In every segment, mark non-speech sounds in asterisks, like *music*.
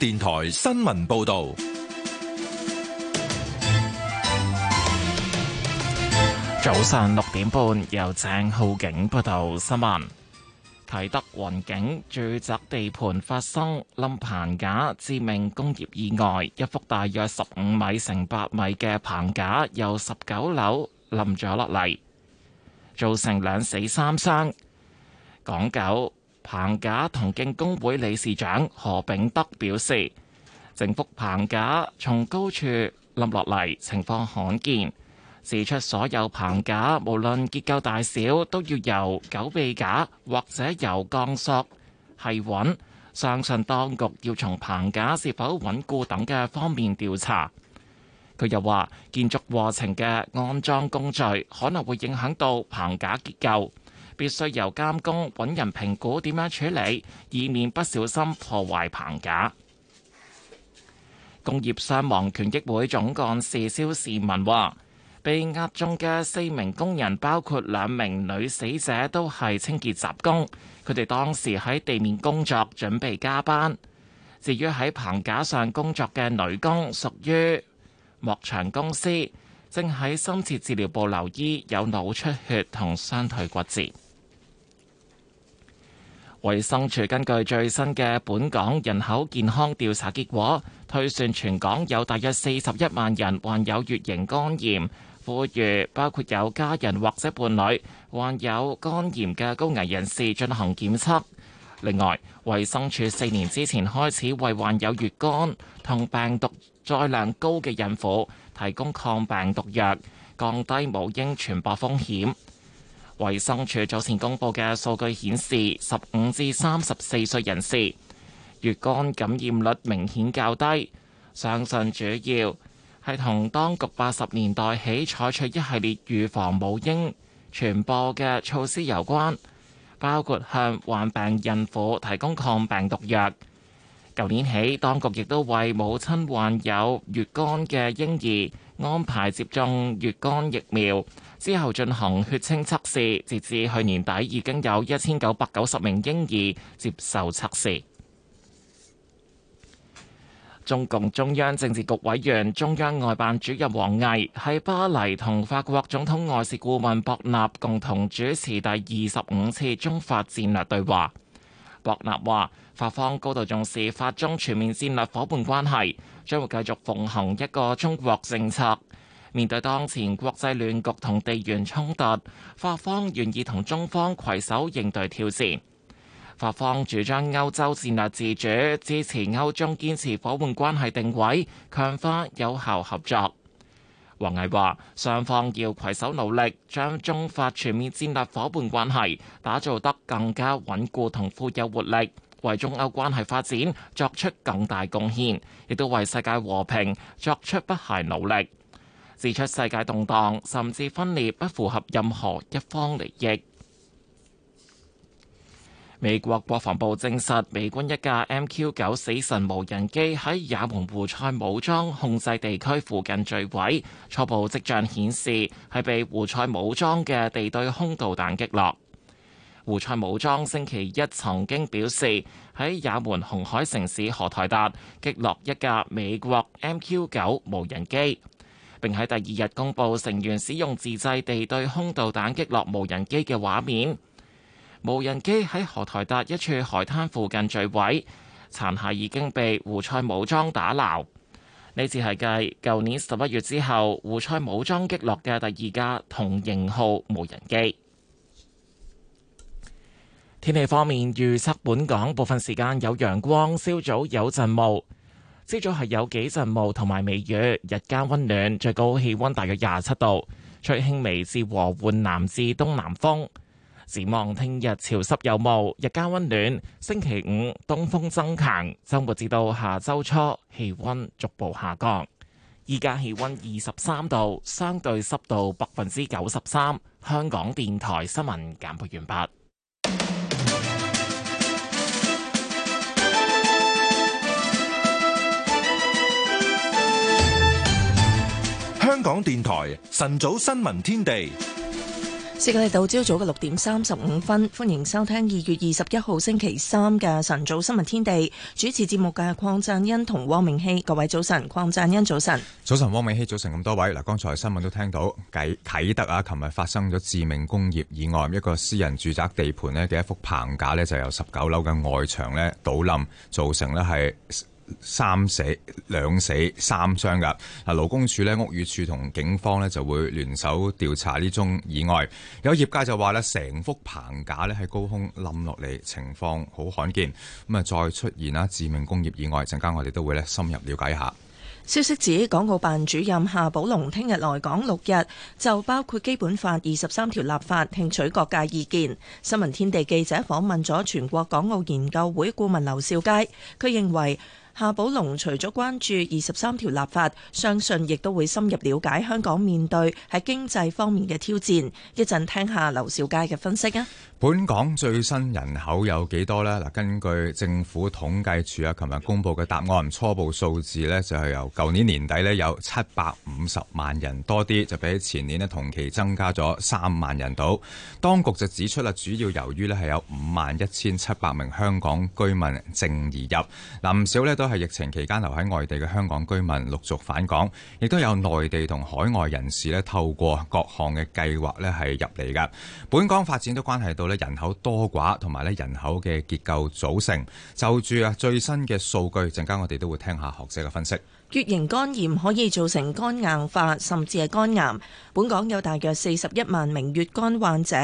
電台新聞報道，早上六點半，由鄭浩景報道新聞。啟德雲景住宅地盤發生冧棚架致命工業意外，一幅大約十五米乘八米嘅棚架由十九樓冧咗落嚟，造成兩死三傷。講九。棚架同建工會理事長何炳德表示，整幅棚架從高處冧落嚟情況罕見，指出所有棚架無論結構大小，都要由九臂架或者由鋼索繫穩。相信當局要從棚架是否穩固等嘅方面調查。佢又話，建築過程嘅安裝工序可能會影響到棚架結構。必須由監工揾人評估點樣處理，以免不小心破壞棚架。工業傷亡權益會總幹事蕭士文話，被壓中嘅四名工人，包括兩名女死者，都係清潔雜工。佢哋當時喺地面工作，準備加班。至於喺棚架上工作嘅女工，屬於幕牆公司，正喺深切治療部留醫，有腦出血同雙腿骨折。衛生署根據最新嘅本港人口健康調查結果，推算全港有大約四十一萬人患有乙型肝炎，呼籲包括有家人或者伴侶患有肝炎嘅高危人士進行檢測。另外，衛生署四年之前開始為患有乙肝同病毒載量高嘅孕婦提供抗病毒藥，降低母嬰傳播風險。衛生署早前公布嘅數據顯示，十五至三十四歲人士乙肝感染率明顯較低，相信主要係同當局八十年代起採取一系列預防母嬰傳播嘅措施有關，包括向患病孕婦提供抗病毒藥。舊年起，當局亦都為母親患有乙肝嘅嬰兒安排接種乙肝疫苗。之後進行血清測試，截至去年底已經有一千九百九十名嬰兒接受測試。中共中央政治局委員、中央外辦主任王毅喺巴黎同法國總統外事顧問博納共同主持第二十五次中法戰略對話。博納話：法方高度重視法中全面戰略夥伴關係，將會繼續奉行一個中國政策。面對當前國際亂局同地緣衝突，法方願意同中方携手應對挑戰。法方主張歐洲戰略自主，支持歐中堅持夥伴關係定位，強化有效合作。王毅話：雙方要携手努力，將中法全面戰略夥伴關係打造得更加穩固同富有活力，為中歐關係發展作出更大貢獻，亦都為世界和平作出不懈努力。指出世界動盪甚至分裂不符合任何一方利益。美國國防部證實，美軍一架 MQ 九死神無人機喺也門胡塞武裝控制地區附近墜毀，初步迹象顯示係被胡塞武裝嘅地對空導彈擊落。胡塞武裝星期一曾經表示，喺也門紅海城市荷台達擊落一架美國 MQ 九無人機。並喺第二日公布成員使用自製地對空導彈擊落無人機嘅畫面。無人機喺荷台達一處海灘附近墜毀，殘骸已經被胡塞武裝打撈。呢次係繼舊年十一月之後，胡塞武裝擊落嘅第二架同型號無人機。天氣方面預測，本港部分時間有陽光，朝早有陣霧。朝早係有幾陣霧同埋微雨，日間溫暖，最高氣溫大約廿七度，吹輕微至和緩南至東南風。展望聽日潮濕有霧，日間溫暖。星期五東風增強，週末至到下週初氣溫逐步下降。依家氣溫二十三度，相對濕度百分之九十三。香港電台新聞簡報完畢。香港電台晨早新聞天地，時間嚟到朝早嘅六點三十五分，歡迎收聽二月二十一號星期三嘅晨早新聞天地，主持節目嘅鄺振欣同汪明熙。各位早晨，鄺振欣早晨，早晨汪明熙早晨，咁多位嗱，剛才新聞都聽到啟啟德啊，琴日發生咗致命工業意外，一個私人住宅地盤呢嘅一幅棚架呢，就由十九樓嘅外牆呢倒冧，造成呢係。三死兩死三傷噶。啊，勞工處咧、屋宇署同警方咧就會聯手調查呢宗意外。有業界就話咧，成幅棚架咧喺高空冧落嚟，情況好罕見。咁啊，再出現啦致命工業意外，陣間我哋都會咧深入了解下。消息指港澳辦主任夏寶龍聽日來港六日，就包括基本法二十三條立法，聽取各界意見。新聞天地記者訪問咗全國港澳研究會顧問劉兆佳，佢認為。夏寶龍除咗關注二十三條立法，相信亦都會深入了解香港面對喺經濟方面嘅挑戰。一陣聽下劉兆佳嘅分析啊。本港最新人口有幾多呢？嗱，根據政府統計處啊，琴日公佈嘅答案初步數字呢就係由舊年年底咧有七百五十萬人多啲，就比起前年咧同期增加咗三萬人到。當局就指出啦，主要由於咧係有五萬一千七百名香港居民淨移入，嗱、啊、唔少咧都係疫情期間留喺外地嘅香港居民陸續返港，亦都有內地同海外人士咧透過各項嘅計劃咧係入嚟㗎。本港發展都關係到人口多寡，同埋咧人口嘅結構組成，就住啊最新嘅數據，陣間我哋都會聽下學者嘅分析。乙型肝炎可以造成肝硬化，甚至係肝癌。本港有大約四十一萬名乙肝患者。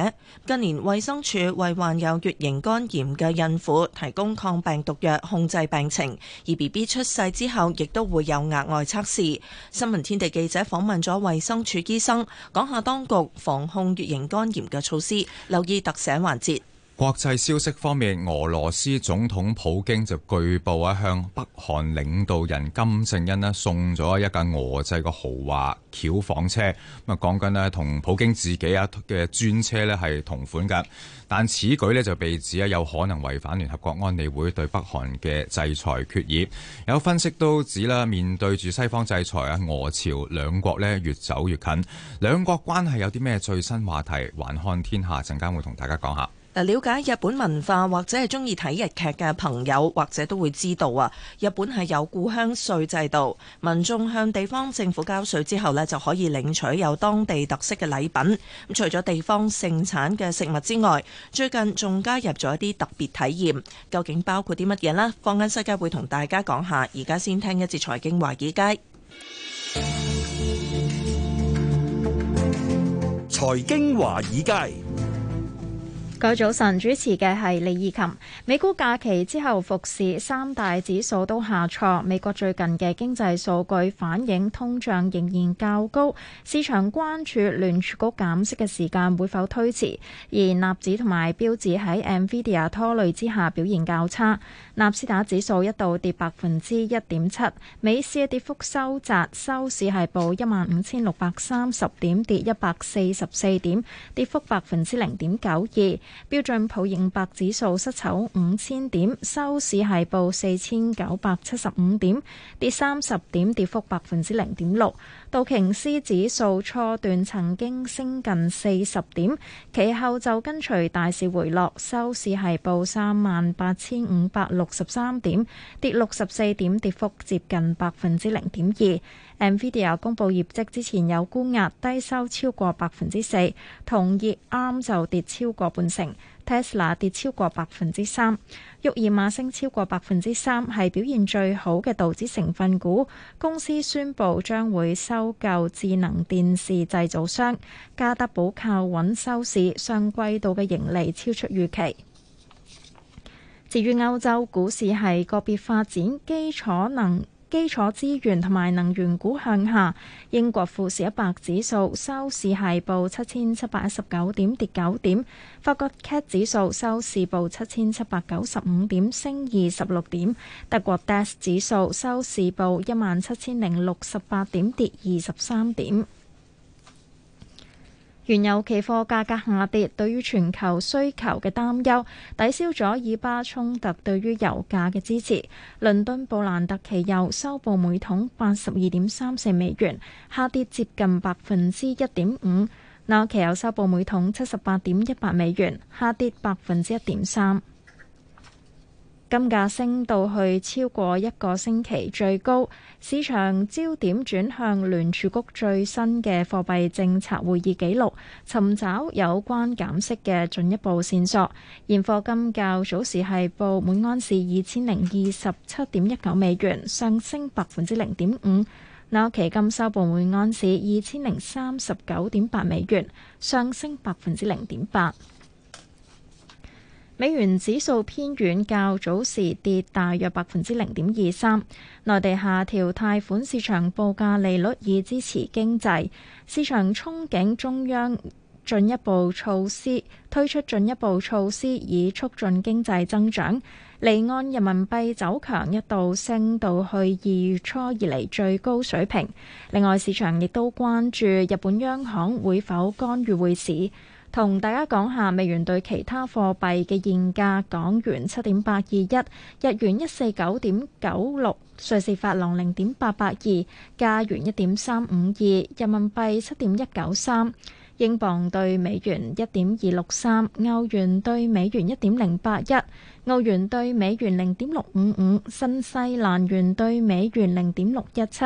近年，衛生署為患有乙型肝炎嘅孕婦提供抗病毒藥控制病情，而 BB 出世之後亦都會有額外測試。新聞天地記者訪問咗衛生署醫生，講下當局防控乙型肝炎嘅措施。留意特寫環節。國際消息方面，俄羅斯總統普京就據報啊向北韓領導人金正恩咧、啊、送咗一架俄製嘅豪華轎房車咁啊，講緊咧同普京自己啊嘅專車咧係同款嘅。但此舉咧就被指啊有可能違反聯合國安理會對北韓嘅制裁決議。有分析都指啦，面對住西方制裁啊，俄朝兩國咧越走越近，兩國關係有啲咩最新話題？環看天下陣間會同大家講下。了解日本文化或者係中意睇日劇嘅朋友，或者都會知道啊。日本係有故鄉稅制度，民眾向地方政府交稅之後呢，就可以領取有當地特色嘅禮品。咁除咗地方盛產嘅食物之外，最近仲加入咗一啲特別體驗。究竟包括啲乜嘢呢？放眼世界會同大家講下。而家先聽一節財經華爾街。財經華爾街。早晨主持嘅係李以琴。美股假期之後復市，三大指數都下挫。美國最近嘅經濟數據反映通脹仍然較高，市場關注聯儲局減息嘅時間會否推遲，而納指同埋標指喺 Nvidia 拖累之下表現較差。納斯達指數一度跌百分之一點七。美市跌幅收窄，收市係報一萬五千六百三十點，跌一百四十四點，跌幅百分之零點九二。標準普爾五百指數失守五千點，收市係報四千九百七十五點，跌三十點，跌幅百分之零點六。道瓊斯指數初段曾經升近四十點，其後就跟隨大市回落，收市係報三萬八千五百六十三點，跌六十四點，跌幅接近百分之零點二。Nvidia 公布業績之前有沽壓，低收超過百分之四，同熱啱就跌超過半成。Tesla 跌超過百分之三，沃爾瑪升超過百分之三，係表現最好嘅道指成分股。公司宣布將會收購智能電視製造商。加德寶靠穩收市，上季度嘅盈利超出預期。至於歐洲股市係個別發展，基礎能。基礎資源同埋能源股向下，英國富時一百指數收市係報七千七百一十九點，跌九點；法國 CAC 指數收市報七千七百九十五點，升二十六點；德國 DAX 指數收市報一萬七千零六十八點，跌二十三點。原油期貨價格下跌，對於全球需求嘅擔憂抵消咗以巴衝突對於油價嘅支持。倫敦布蘭特期油收報每桶八十二點三四美元，下跌接近百分之一點五。紐期油收報每桶七十八點一八美元，下跌百分之一點三。金價升到去超過一個星期最高，市場焦點轉向聯儲局最新嘅貨幣政策會議紀錄，尋找有關減息嘅進一步線索。現貨金較早時係報每盎司二千零二十七點一九美元，上升百分之零點五。紐期金收報每盎司二千零三十九點八美元，上升百分之零點八。美元指數偏軟，較早時跌大約百分之零點二三。內地下調貸款市場報價利率以支持經濟，市場憧憬中央進一步措施推出進一步措施以促進經濟增長。離岸人民幣走強，一度升到去二月初以嚟最高水平。另外，市場亦都關注日本央行會否干預匯市。同大家講下美元對其他貨幣嘅現價：港元七點八二一，日元一四九點九六，瑞士法郎零點八八二，加元一點三五二，人民幣七點一九三，英鎊對美元一點二六三，歐元對美元一點零八一，澳元對美元零點六五五，新西蘭元對美元零點六一七。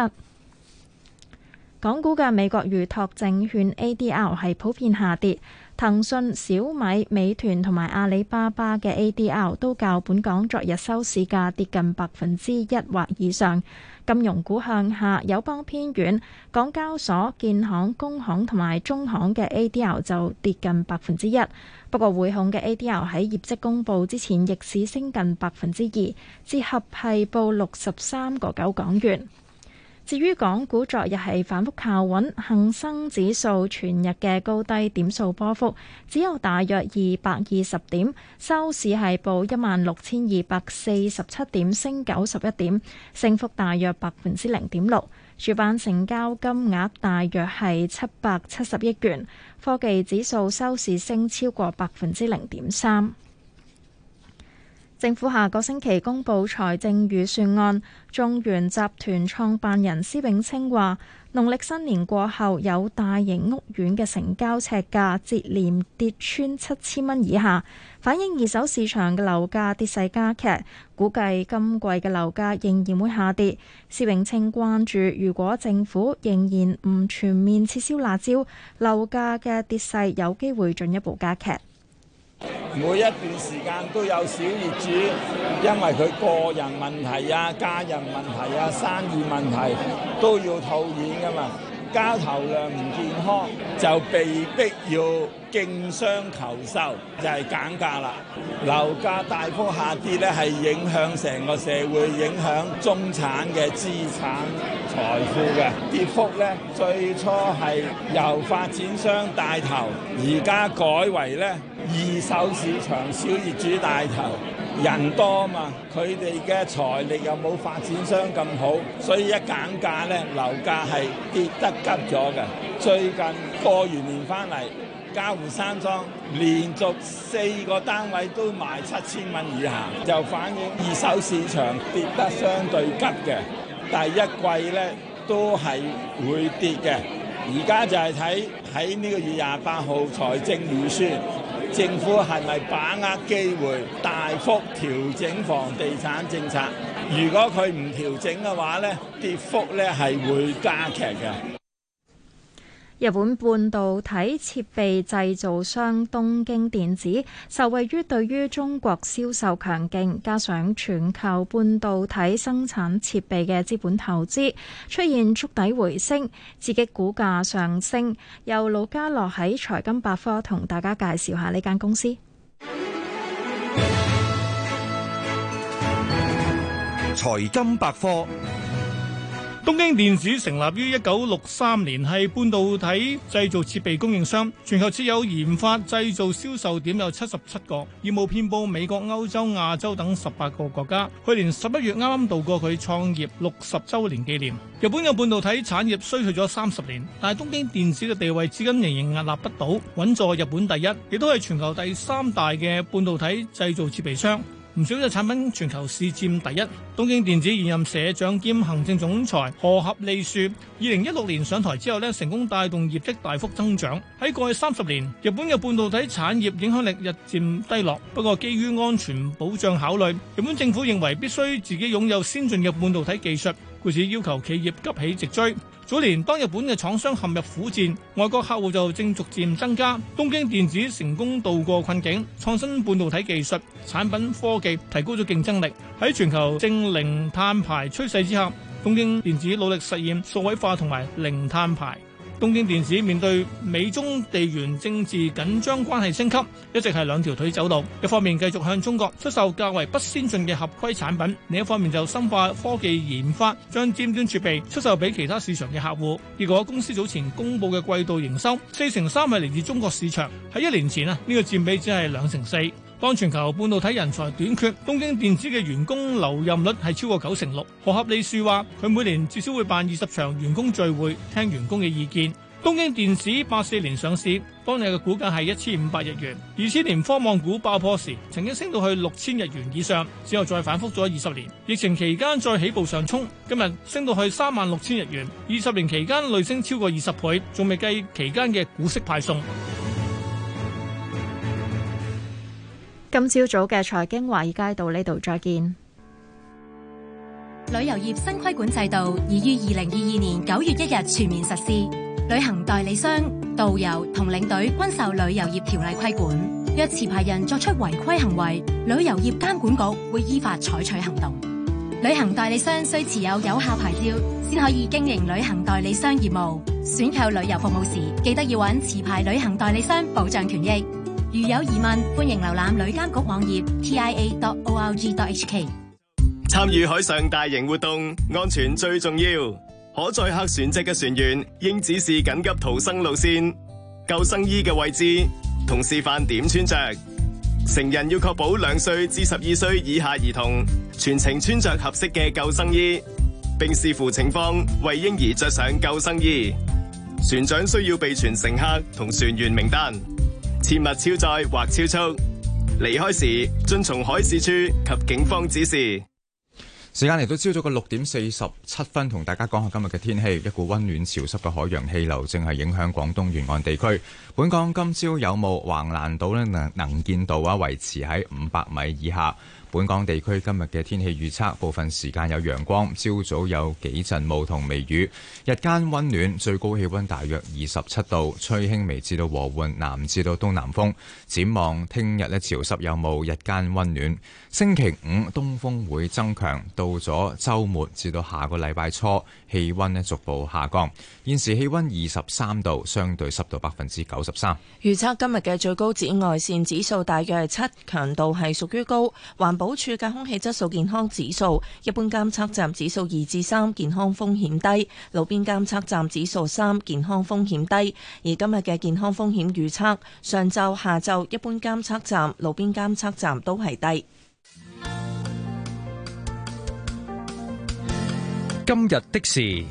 港股嘅美國預託證券 A D R 係普遍下跌。騰訊、小米、美團同埋阿里巴巴嘅 A D R 都較本港昨日收市價跌近百分之一或以上。金融股向下，友邦偏軟。港交所、建行、工行同埋中行嘅 A D R 就跌近百分之一。不過匯控嘅 A D R 喺業績公布之前逆市升近百分之二，折合係報六十三個九港元。至於港股昨日係反覆靠穩，恒生指數全日嘅高低點數波幅只有大約二百二十點，收市係報一萬六千二百四十七點，升九十一點，升幅大約百分之零點六。主板成交金額大約係七百七十億元。科技指數收市升超過百分之零點三。政府下個星期公布財政預算案，中原集團創辦人施永青話，農曆新年過後有大型屋苑嘅成交尺價接連跌穿七千蚊以下，反映二手市場嘅樓價跌勢加劇。估計今季嘅樓價仍然會下跌。施永青關注，如果政府仍然唔全面撤銷辣招，樓價嘅跌勢有機會進一步加劇。每一段時間都有小業主，因為佢個人問題啊、家人問題啊、生意問題，都要套現噶嘛，交投量唔健康，就被逼要。競商求售就係、是、減價啦，樓價大幅下跌咧，係影響成個社會，影響中產嘅資產財富嘅跌幅咧。最初係由發展商帶頭，而家改為咧二手市場小業主帶頭，人多嘛，佢哋嘅財力又冇發展商咁好，所以一減價咧，樓價係跌得急咗嘅。最近過完年翻嚟。嘉湖山莊連續四個單位都賣七千蚊以下，就反映二手市場跌得相對急嘅。第一季呢都係會跌嘅。而家就係睇喺呢個月廿八號財政預算，政府係咪把握機會大幅調整房地產政策？如果佢唔調整嘅話呢，跌幅呢係會加劇嘅。日本半導體設備製造商東京電子，受惠於對於中國銷售強勁，加上全球半導體生產設備嘅資本投資出現觸底回升，刺激股價上升。由盧嘉樂喺財金百科同大家介紹下呢間公司。財金百科。東京電子成立於一九六三年，係半導體製造設備供應商，全球設有研發、製造、銷售點有七十七個，業務遍布美國、歐洲、亞洲等十八個國家。去年十一月啱啱度過佢創業六十周年紀念。日本嘅半導體產業衰退咗三十年，但係東京電子嘅地位至今仍然屹立不倒，穩坐日本第一，亦都係全球第三大嘅半導體製造設備商。唔少嘅產品全球市佔第一。東京電子現任社長兼行政總裁何合利説，二零一六年上台之後咧，成功帶動業績大幅增長。喺過去三十年，日本嘅半導體產業影響力日漸低落。不過，基於安全保障考慮，日本政府認為必須自己擁有先進嘅半導體技術，故此要求企業急起直追。早年，當日本嘅廠商陷入苦戰，外國客戶就正逐漸增加。東京電子成功度過困境，創新半導體技術產品科技，提高咗競爭力。喺全球正零碳排趨勢之下，東京電子努力實現數位化同埋零碳排。東京電子面對美中地緣政治緊張關係升級，一直係兩條腿走路。一方面繼續向中國出售較為不先進嘅合規產品，另一方面就深化科技研發，將尖端設備出售俾其他市場嘅客戶。結果公司早前公布嘅季度營收，四成三係嚟自中國市場，喺一年前啊，呢個佔比只係兩成四。當全球半導體人才短缺，東京電子嘅員工留任率係超過九成六。河合理樹話：佢每年至少會辦二十場員工聚會，聽員工嘅意見。東京電子八四年上市，當日嘅股價係一千五百日元。二千年科網股爆破時，曾經升到去六千日元以上，之後再反復咗二十年。疫情期間再起步上衝，今日升到去三萬六千日元。二十年期間累升超過二十倍，仲未計期間嘅股息派送。今朝早嘅財經華爾街到呢度再見。旅遊業新規管制度已於二零二二年九月一日全面實施，旅行代理商、導遊同領隊均受旅遊業條例規管。若持牌人作出違規行為，旅遊業監管局會依法採取行動。旅行代理商需持有有效牌照，先可以經營旅行代理商業務。選購旅遊服務時，記得要揾持牌旅行代理商保障權益。如有疑問，歡迎瀏覽旅監局網頁 tia.org.hk。參與海上大型活動，安全最重要。可載客船隻嘅船員應指示緊急逃生路線、救生衣嘅位置同示範點穿着。成人要確保兩歲至十二歲以下兒童全程穿着合適嘅救生衣，並視乎情況為嬰兒着上救生衣。船長需要備全乘客同船員名單。切勿超載或超速，離開時遵從海事處及警方指示。時間嚟到朝早嘅六點四十七分，同大家講下今日嘅天氣。一股溫暖潮濕嘅海洋氣流正係影響廣東沿岸地區。本港今朝有霧，橫瀾島咧能見度啊維持喺五百米以下。本港地區今日嘅天氣預測，部分時間有陽光，朝早有幾陣霧同微雨，日間溫暖，最高氣溫大約二十七度，吹輕微至到和緩南至到東南風。展望聽日咧潮濕有霧，日間溫暖。星期五東風會增強，到咗周末至到下個禮拜初氣溫呢逐步下降。現時氣溫二十三度，相對濕度百分之九十三。預測今日嘅最高紫外線指數大約係七，強度係屬於高。環保署嘅空氣質素健康指數，一般監測站指數二至三，健康風險低；路邊監測站指數三，健康風險低。而今日嘅健康風險預測，上晝、下晝一般監測站、路邊監測站都係低。今日的事。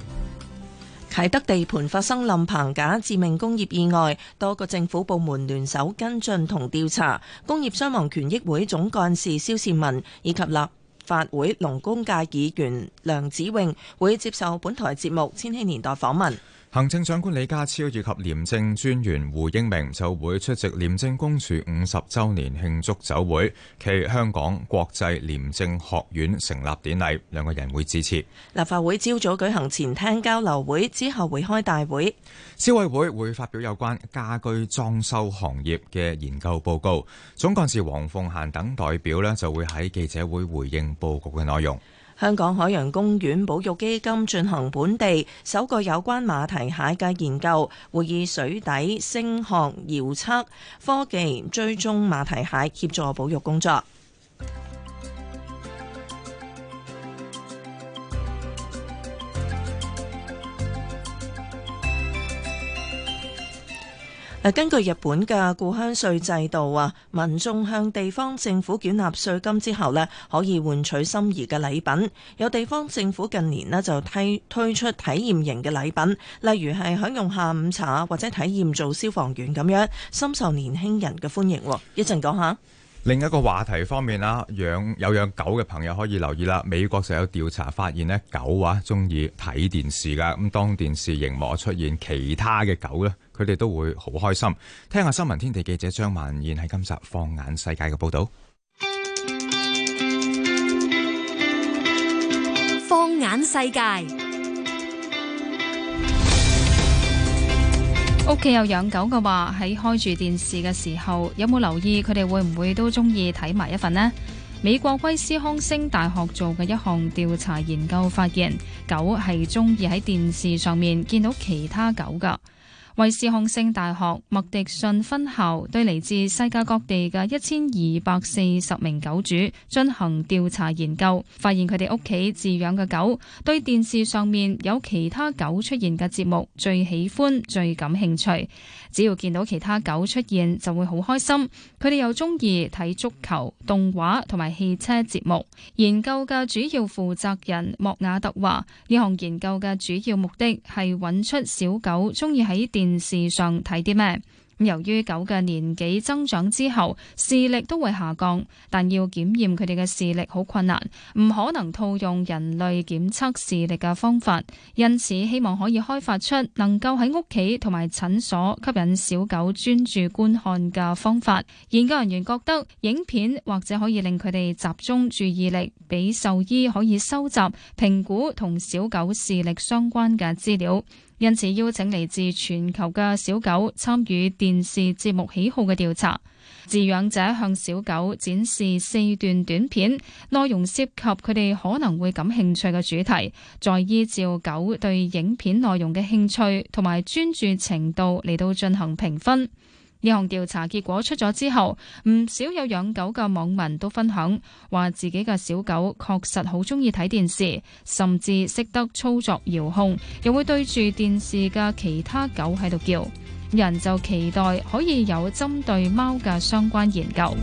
啟德地盤發生冧棚架致命工業意外，多個政府部門聯手跟進同調查。工業傷亡權益會總幹事蕭善文以及立法會農工界議員梁子穎會接受本台節目《千禧年代》訪問。行政長官李家超以及廉政專員胡英明就會出席廉政公署五十周年慶祝酒會暨香港國際廉政學院成立典禮，兩個人會致辭。立法會朝早舉行前廳交流會，之後會開大會。消委會會會發表有關家居裝修行業嘅研究報告，總幹事黃鳳嫻等代表呢就會喺記者會回應報告嘅內容。香港海洋公園保育基金進行本地首個有關馬蹄蟹嘅研究，會以水底聲學遙測科技追蹤馬蹄蟹，協助保育工作。根據日本嘅故鄉稅制度啊，民眾向地方政府繳納稅金之後呢，可以換取心儀嘅禮品。有地方政府近年呢就推推出體驗型嘅禮品，例如係享用下午茶或者體驗做消防員咁樣，深受年輕人嘅歡迎。一陣講下。另一個話題方面啦，養有養狗嘅朋友可以留意啦。美國就有調查發現呢，狗啊中意睇電視噶，咁當電視熒幕出現其他嘅狗呢。佢哋都會好開心。聽下新聞天地記者張曼燕喺今集《放眼世界》嘅報道。放眼世界，屋企有養狗嘅話，喺開住電視嘅時候，有冇留意佢哋會唔會都中意睇埋一份呢？美國威斯康星大學做嘅一項調查研究發現，狗係中意喺電視上面見到其他狗噶為斯康辛大學麥迪遜分校，對嚟自世界各地嘅一千二百四十名狗主進行調查研究，發現佢哋屋企飼養嘅狗對電視上面有其他狗出現嘅節目最喜歡、最感興趣，只要見到其他狗出現就會好開心。佢哋又中意睇足球、動畫同埋汽車節目。研究嘅主要負責人莫亞特話，呢項研究嘅主要目的係揾出小狗中意喺電視上睇啲咩？由於狗嘅年紀增長之後，視力都會下降，但要檢驗佢哋嘅視力好困難，唔可能套用人類檢測視力嘅方法。因此，希望可以開發出能夠喺屋企同埋診所吸引小狗專注觀看嘅方法。研究人員覺得影片或者可以令佢哋集中注意力，俾獸醫可以收集、評估同小狗視力相關嘅資料。因此邀請嚟自全球嘅小狗參與電視節目喜好嘅調查。飼養者向小狗展示四段短片，內容涉及佢哋可能會感興趣嘅主題，再依照狗對影片內容嘅興趣同埋專注程度嚟到進行評分。呢項調查結果出咗之後，唔少有養狗嘅網民都分享，話自己嘅小狗確實好中意睇電視，甚至識得操作遙控，又會對住電視嘅其他狗喺度叫。有人就期待可以有針對貓嘅相關研究。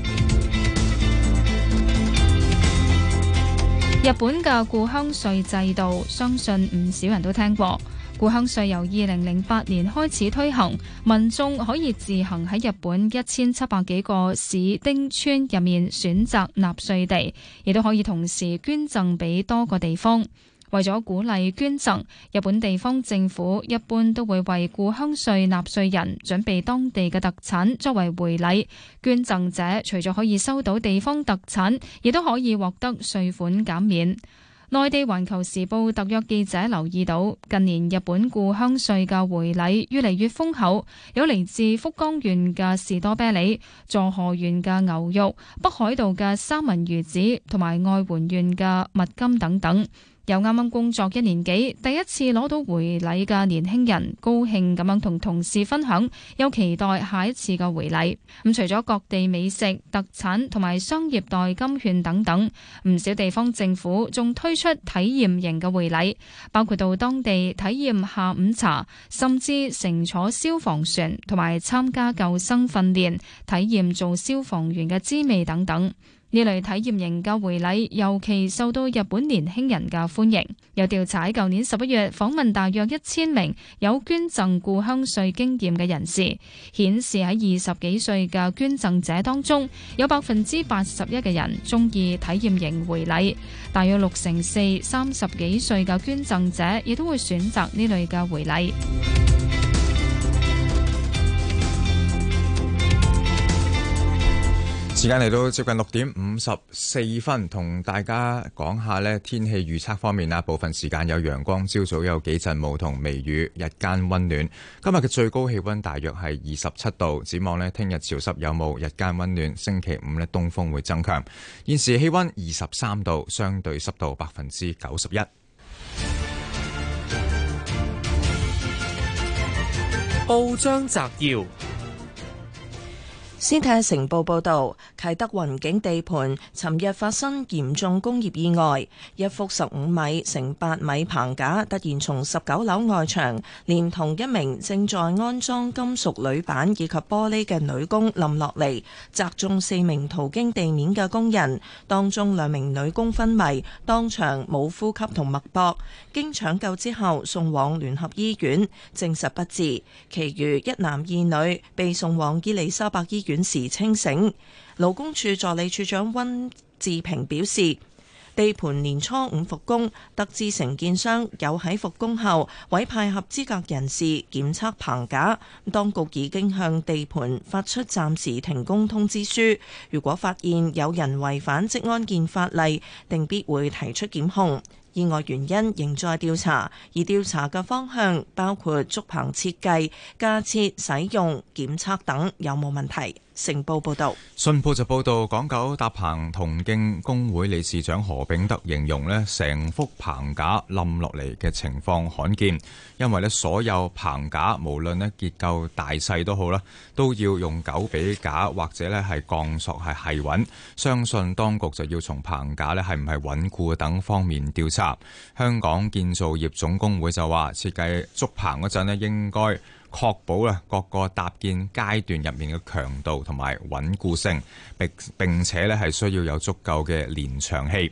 日本嘅故鄉稅制度，相信唔少人都聽過。故鄉稅由二零零八年開始推行，民眾可以自行喺日本一千七百幾個市町村入面選擇納稅地，亦都可以同時捐贈俾多個地方。為咗鼓勵捐贈，日本地方政府一般都會為故鄉稅納稅人準備當地嘅特產作為回禮。捐贈者除咗可以收到地方特產，亦都可以獲得稅款減免。內地環球時報特約記者留意到，近年日本故鄉稅嘅回禮越嚟越豐厚，有嚟自福岡縣嘅士多啤梨、佐賀縣嘅牛肉、北海道嘅三文魚子，同埋愛媛縣嘅蜜柑等等。有啱啱工作一年幾，第一次攞到回禮嘅年輕人高興咁樣同同事分享，又期待下一次嘅回禮。咁、嗯、除咗各地美食、特產同埋商業代金券等等，唔少地方政府仲推出體驗型嘅回禮，包括到當地體驗下午茶，甚至乘坐消防船同埋參加救生訓練，體驗做消防員嘅滋味等等。呢類體驗型嘅回禮尤其受到日本年輕人嘅歡迎。有調查喺舊年十一月訪問大約一千名有捐贈故鄉稅經驗嘅人士，顯示喺二十幾歲嘅捐贈者當中，有百分之八十一嘅人中意體驗型回禮。大約六成四三十幾歲嘅捐贈者亦都會選擇呢類嘅回禮。時間嚟到接近六點五十四分，同大家講下呢天氣預測方面啊，部分時間有陽光，朝早有幾陣霧同微雨，日間溫暖。今日嘅最高氣溫大約係二十七度，展望呢聽日潮濕有霧，日間溫暖。星期五呢東風會增強。現時氣溫二十三度，相對濕度百分之九十一。報章摘要。先睇下成報報導，啟德雲景地盤尋日發生嚴重工業意外，一幅十五米乘八米棚架突然從十九樓外牆，連同一名正在安裝金屬鋁板以及玻璃嘅女工冧落嚟，砸中四名途經地面嘅工人，當中兩名女工昏迷，當場冇呼吸同脈搏，經搶救之後送往聯合醫院，證實不治，其餘一男二女被送往伊利沙伯醫院。暫時清醒。勞工處助理處長溫志平表示，地盤年初五復工，得知承建商有喺復工後委派合資格人士檢測棚架。當局已經向地盤發出暫時停工通知書，如果發現有人違反職安健法例，定必會提出檢控。意外原因仍在調查，而調查嘅方向包括竹棚設計、架設、使用、檢測等有冇問題。成報報導，信報就報導港九搭棚同徑工會理事長何炳德形容呢，成幅棚架冧落嚟嘅情況罕見，因為呢所有棚架無論呢結構大細都好啦，都要用九比架或者呢係鋼索係係穩。相信當局就要從棚架呢係唔係穩固等方面調查。香港建造業總工會就話，設計竹棚嗰陣咧，應該確保咧各個搭建階段入面嘅強度同埋穩固性，並並且咧係需要有足夠嘅連長器，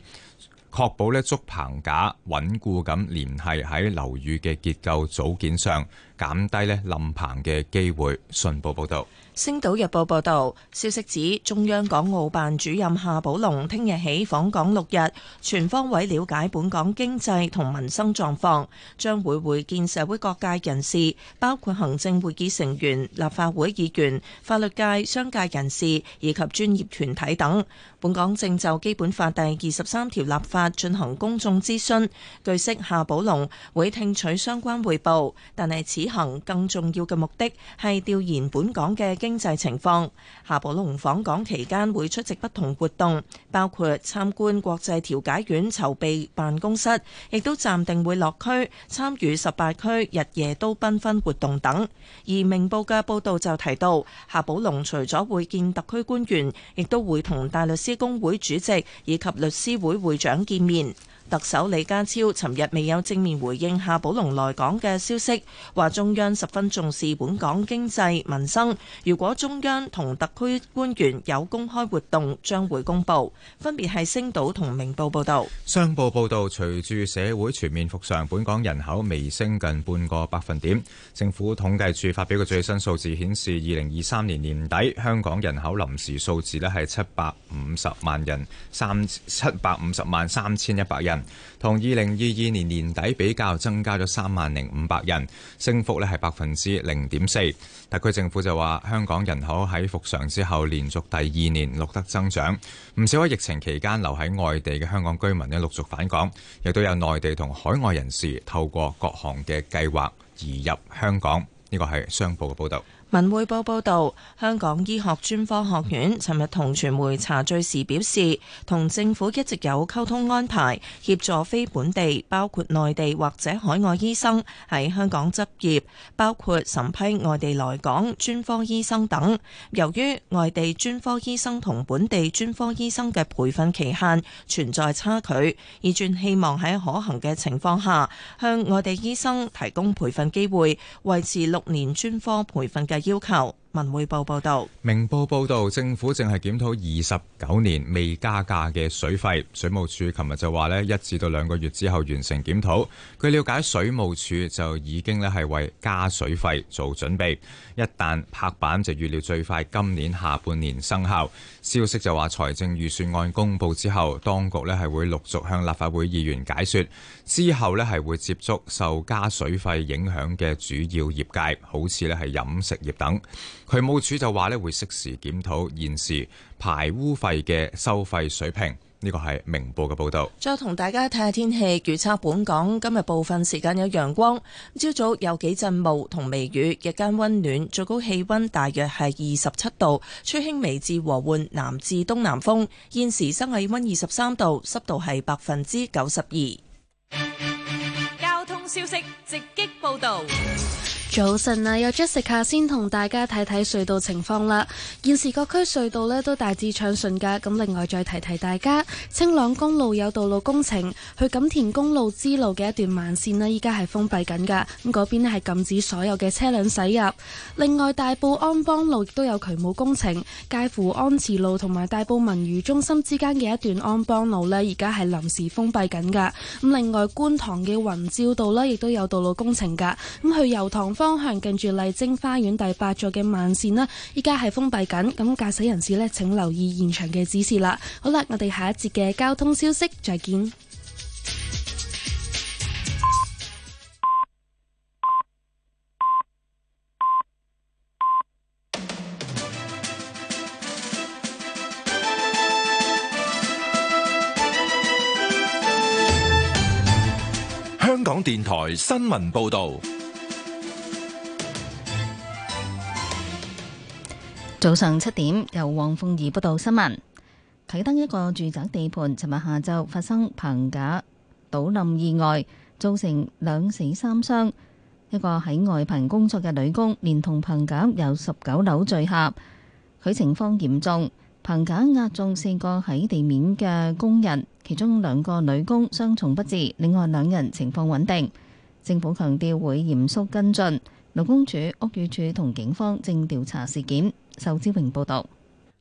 確保咧竹棚架穩固咁聯繫喺樓宇嘅結構組件上。減低咧冧棚嘅機會。信報報導，《星島日報》報導，消息指中央港澳辦主任夏寶龍聽日起訪港六日，全方位了解本港經濟同民生狀況，將會會見社會各界人士，包括行政會議成員、立法會議員、法律界、商界人士以及專業團體等。本港正就《基本法》第二十三條立法進行公眾諮詢，據悉夏寶龍會聽取相關彙報，但係此行更重要嘅目的，係調研本港嘅經濟情況。夏寶龍訪港期間會出席不同活動，包括參觀國際調解院籌備辦公室，亦都暫定會落區參與十八區日夜都繽紛活動等。而明報嘅報道就提到，夏寶龍除咗會見特區官員，亦都會同大律師公會主席以及律師會會長見面。特首李家超尋日未有正面回應夏寶龍來港嘅消息，話中央十分重視本港經濟民生。如果中央同特區官員有公開活動將會公布，分別係星島同明報報道，商報報道隨住社會全面復常，本港人口微升近半個百分點，政府統計處發表嘅最新數字顯示，二零二三年年底香港人口臨時數字咧係七百五十萬人，三七百五十萬三千一百人。同二零二二年年底比較，增加咗三萬零五百人，升幅呢係百分之零點四。特區政府就話，香港人口喺復常之後，連續第二年錄得增長。唔少喺疫情期間留喺外地嘅香港居民呢，陸續返港，亦都有內地同海外人士透過各行嘅計劃移入香港。呢個係商報嘅報導。文匯報報道，香港醫學專科學院尋日同傳媒茶敘時表示，同政府一直有溝通安排，協助非本地，包括內地或者海外醫生喺香港執業，包括審批外地來港專科醫生等。由於外地專科醫生同本地專科醫生嘅培訓期限存在差距，以轉希望喺可行嘅情況下，向外地醫生提供培訓機會，維持六年專科培訓嘅要求。文匯報報道，明報報道，政府淨係檢討二十九年未加價嘅水費。水務署琴日就話呢一至到兩個月之後完成檢討。據了解，水務署就已經呢係為加水費做準備。一旦拍板，就預料最快今年下半年生效。消息就話財政預算案公佈之後，當局呢係會陸續向立法會議員解說，之後呢，係會接觸受加水費影響嘅主要業界，好似呢係飲食業等。佢渠務署就話咧會適時檢討現時排污費嘅收費水平，呢個係明報嘅報道。再同大家睇下天氣預測，本港今日部分時間有陽光，朝早有幾陣霧同微雨，日間温暖，最高氣温大約係二十七度，吹輕微至和緩南至東南風，現時室外氣温二十三度，濕度係百分之九十二。交通消息直擊報道。早晨啊，又 Jessica 先同大家睇睇隧道情況啦。現時各區隧道咧都大致暢順噶。咁另外再提提大家，青朗公路有道路工程，去錦田公路支路嘅一段慢線咧，依家係封閉緊噶。咁嗰邊咧係禁止所有嘅車輛駛入。另外大埔安邦路亦都有渠務工程，介乎安慈路同埋大埔文娛中心之間嘅一段安邦路咧，而家係臨時封閉緊噶。咁另外觀塘嘅雲照道咧，亦都有道路工程噶。咁去油塘方向近住麗晶花園第八座嘅慢線啦，依家係封閉緊，咁駕駛人士呢，請留意現場嘅指示啦。好啦，我哋下一節嘅交通消息再見。香港電台新聞報道。早上七點，由黃鳳儀報道新聞。啟德一個住宅地盤，尋日下晝發生棚架倒冧意外，造成兩死三傷。一個喺外棚工作嘅女工，連同棚架由十九樓墜下，佢情況嚴重。棚架壓中四個喺地面嘅工人，其中兩個女工傷重不治，另外兩人情況穩定。政府強調會嚴肅跟進，勞工處、屋宇署同警方正調查事件。仇志榮報道。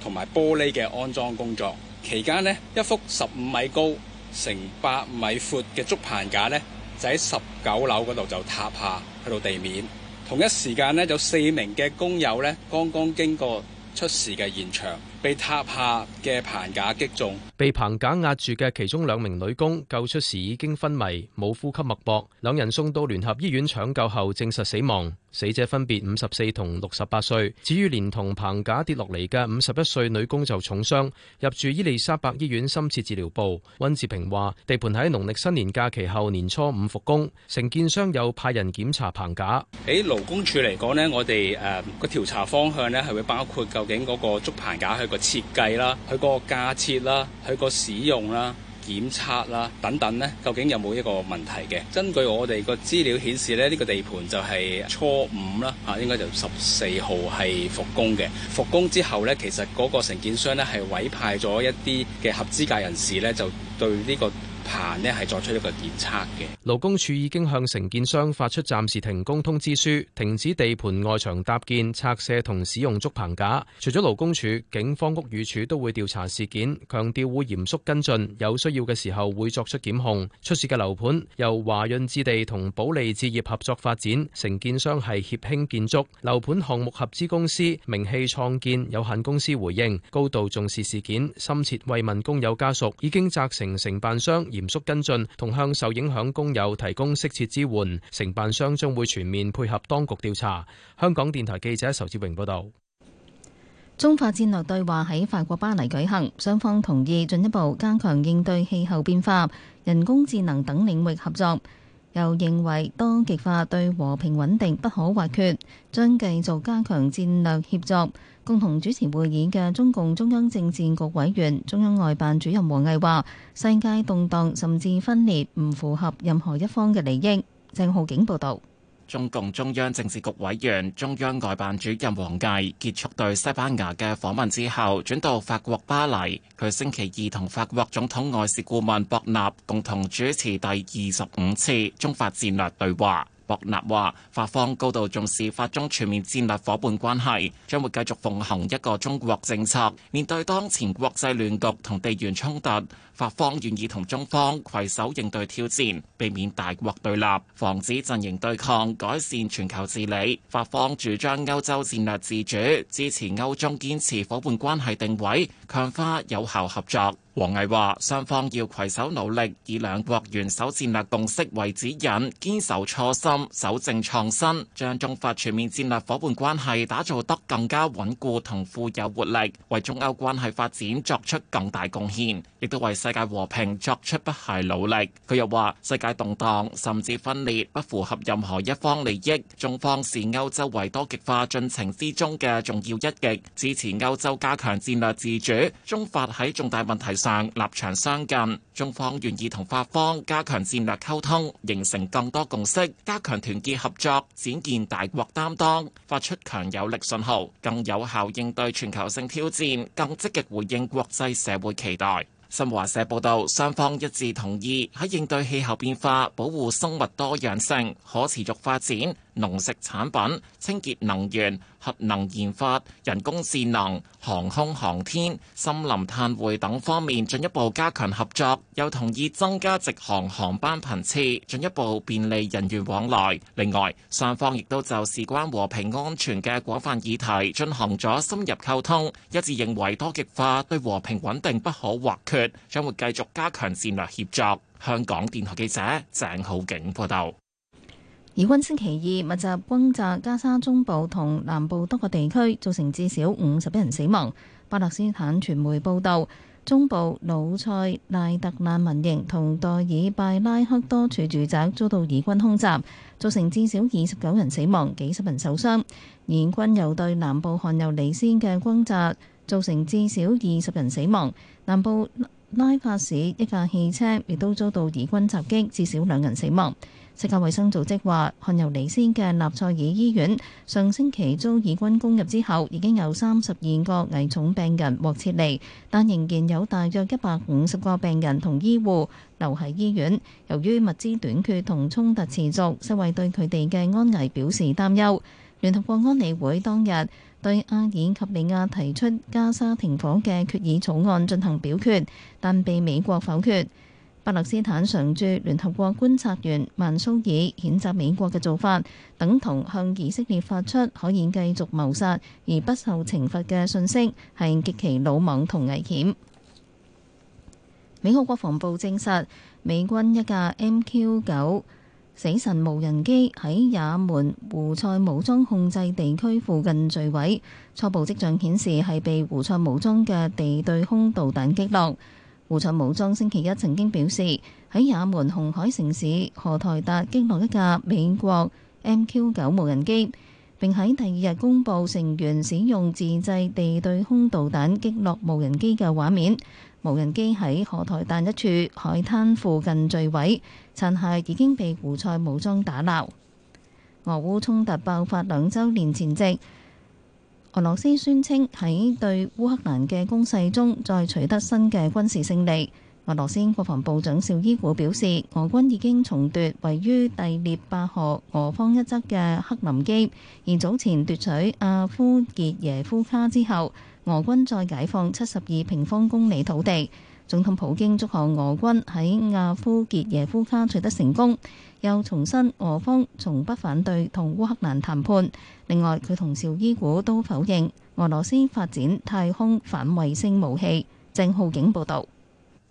同埋玻璃嘅安裝工作期間咧，一幅十五米高、成百米闊嘅竹棚架咧，就喺十九樓嗰度就塌下去到地面。同一時間咧，有四名嘅工友咧，剛剛經過出事嘅現場。被塌下嘅棚架擊中，被棚架壓住嘅其中兩名女工救出時已經昏迷，冇呼吸脈搏，兩人送到聯合醫院搶救後證實死亡。死者分別五十四同六十八歲。至於連同棚架跌落嚟嘅五十一歲女工就重傷，入住伊利沙伯醫院深切治療部。温志平話：地盤喺農曆新年假期後年初五復工，承建商又派人檢查棚架。喺勞工處嚟講咧，我哋誒個調查方向咧係會包括究竟嗰個竹棚架係。個設計啦，佢個架設啦，佢個使用啦、檢測啦等等呢，究竟有冇一個問題嘅？根據我哋個資料顯示咧，呢個地盤就係初五啦，啊應該就十四號係復工嘅。復工之後呢，其實嗰個承建商呢係委派咗一啲嘅合資格人士呢，就對呢個棚呢，係作出一個檢測嘅。勞工處已經向承建商發出暫時停工通知書，停止地盤外牆搭建、拆卸同使用竹棚架。除咗勞工處，警方、屋宇署都會調查事件，強調會嚴肅跟進，有需要嘅時候會作出檢控。出事嘅樓盤由華潤置地同保利置業合作發展，承建商係協興建築樓盤項目合資公司名氣創建有限公司回應，高度重視事件，深切慰問工友家屬，已經責成，成承辦商。嚴肅跟進，同向受影響工友提供適切支援。承辦商將會全面配合當局調查。香港電台記者仇志榮報導。中法戰略對話喺法國巴黎舉行，雙方同意進一步加強應對氣候變化、人工智能等領域合作，又認為多極化對和平穩定不可或缺，將繼續加強戰略協作。共同主持會議嘅中共中央政治局委員、中央外辦主任王毅話：世界動盪甚至分裂，唔符合任何一方嘅利益。鄭浩景報道，中共中央政治局委員、中央外辦主任王毅結束對西班牙嘅訪問之後，轉到法國巴黎。佢星期二同法國總統外事顧問博納共同主持第二十五次中法戰略對話。博納話，法方高度重視法中全面戰略伙伴關係，將會繼續奉行一個中國政策。面對當前國際亂局同地緣衝突，法方願意同中方攜手應對挑戰，避免大國對立，防止陣營對抗，改善全球治理。法方主張歐洲戰略自主，支持歐中堅持伙伴關係定位，強化有效合作。王毅話：雙方要携手努力，以兩國元首戰略共識為指引，堅守初心，守正創新，將中法全面戰略伙伴關係打造得更加穩固同富有活力，為中歐關係發展作出更大貢獻，亦都為世界和平作出不懈努力。佢又話：世界動蕩甚至分裂不符合任何一方利益，中方視歐洲為多極化進程之中嘅重要一極，支持歐洲加強戰略自主，中法喺重大問題。上立場相近，中方願意同法方加強戰略溝通，形成更多共識，加強團結合作，展現大國擔當，發出強有力信號，更有效應對全球性挑戰，更積極回應國際社會期待。新華社報道，雙方一致同意喺應對氣候變化、保護生物多樣性、可持續發展、農食產品、清潔能源、核能研發、人工智能、航空航天、森林碳匯等方面進一步加強合作，又同意增加直航航班頻次，進一步便利人員往來。另外，雙方亦都就事關和平安全嘅廣泛議題進行咗深入溝通，一致認為多極化對和平穩定不可或缺，將會繼續加強戰略協作。香港電台記者鄭浩景報道。以軍星期二，密集轟炸加沙中部同南部多個地區，造成至少五十一人死亡。巴勒斯坦傳媒報道，中部魯塞賴特難民營同代爾拜拉克多處住宅遭到以軍空襲，造成至少二十九人死亡、幾十人受傷。以軍又對南部漢尤尼斯嘅轟炸造成至少二十人死亡。南部拉法市一架汽車亦都遭到以軍襲擊，至少兩人死亡。世界衛生組織話，漢尤尼斯嘅納賽爾醫院上星期遭以軍攻入之後，已經有三十二個危重病人獲撤離，但仍然有大約一百五十個病人同醫護留喺醫院。由於物資短缺同衝突持續，世衛對佢哋嘅安危表示擔憂。聯合國安理會當日對阿爾及利亞提出加沙停火嘅決議草案進行表決，但被美國否決。巴勒斯坦常駐聯合國觀察員曼蘇爾譴責美國嘅做法，等同向以色列發出可以繼續謀殺而不受懲罰嘅信息，係極其魯莽同危險。美國國防部證實，美軍一架 MQ 九死神無人機喺也門胡塞武裝控制地區附近墜毀，初步迹象顯示係被胡塞武裝嘅地對空導彈擊落。胡塞武裝星期一曾經表示，喺也門紅海城市荷台達擊落一架美國 MQ 九無人機，並喺第二日公布成員使用自製地對空導彈擊落無人機嘅畫面。無人機喺荷台達一處海灘附近墜毀，殘骸已經被胡塞武裝打撈。俄烏衝突，突爆發兩週年前夕。俄羅斯宣稱喺對烏克蘭嘅攻勢中再取得新嘅軍事勝利。俄羅斯國防部長紹伊古表示，俄軍已經重奪位於第聶伯河俄方一側嘅克林基，而早前奪取阿夫傑耶夫卡之後，俄軍再解放七十二平方公里土地。總統普京祝賀俄軍喺亞夫傑耶夫卡取得成功，又重申俄方從不反對同烏克蘭談判。另外，佢同邵伊古都否認俄羅斯發展太空反衛星武器。鄭浩景報導，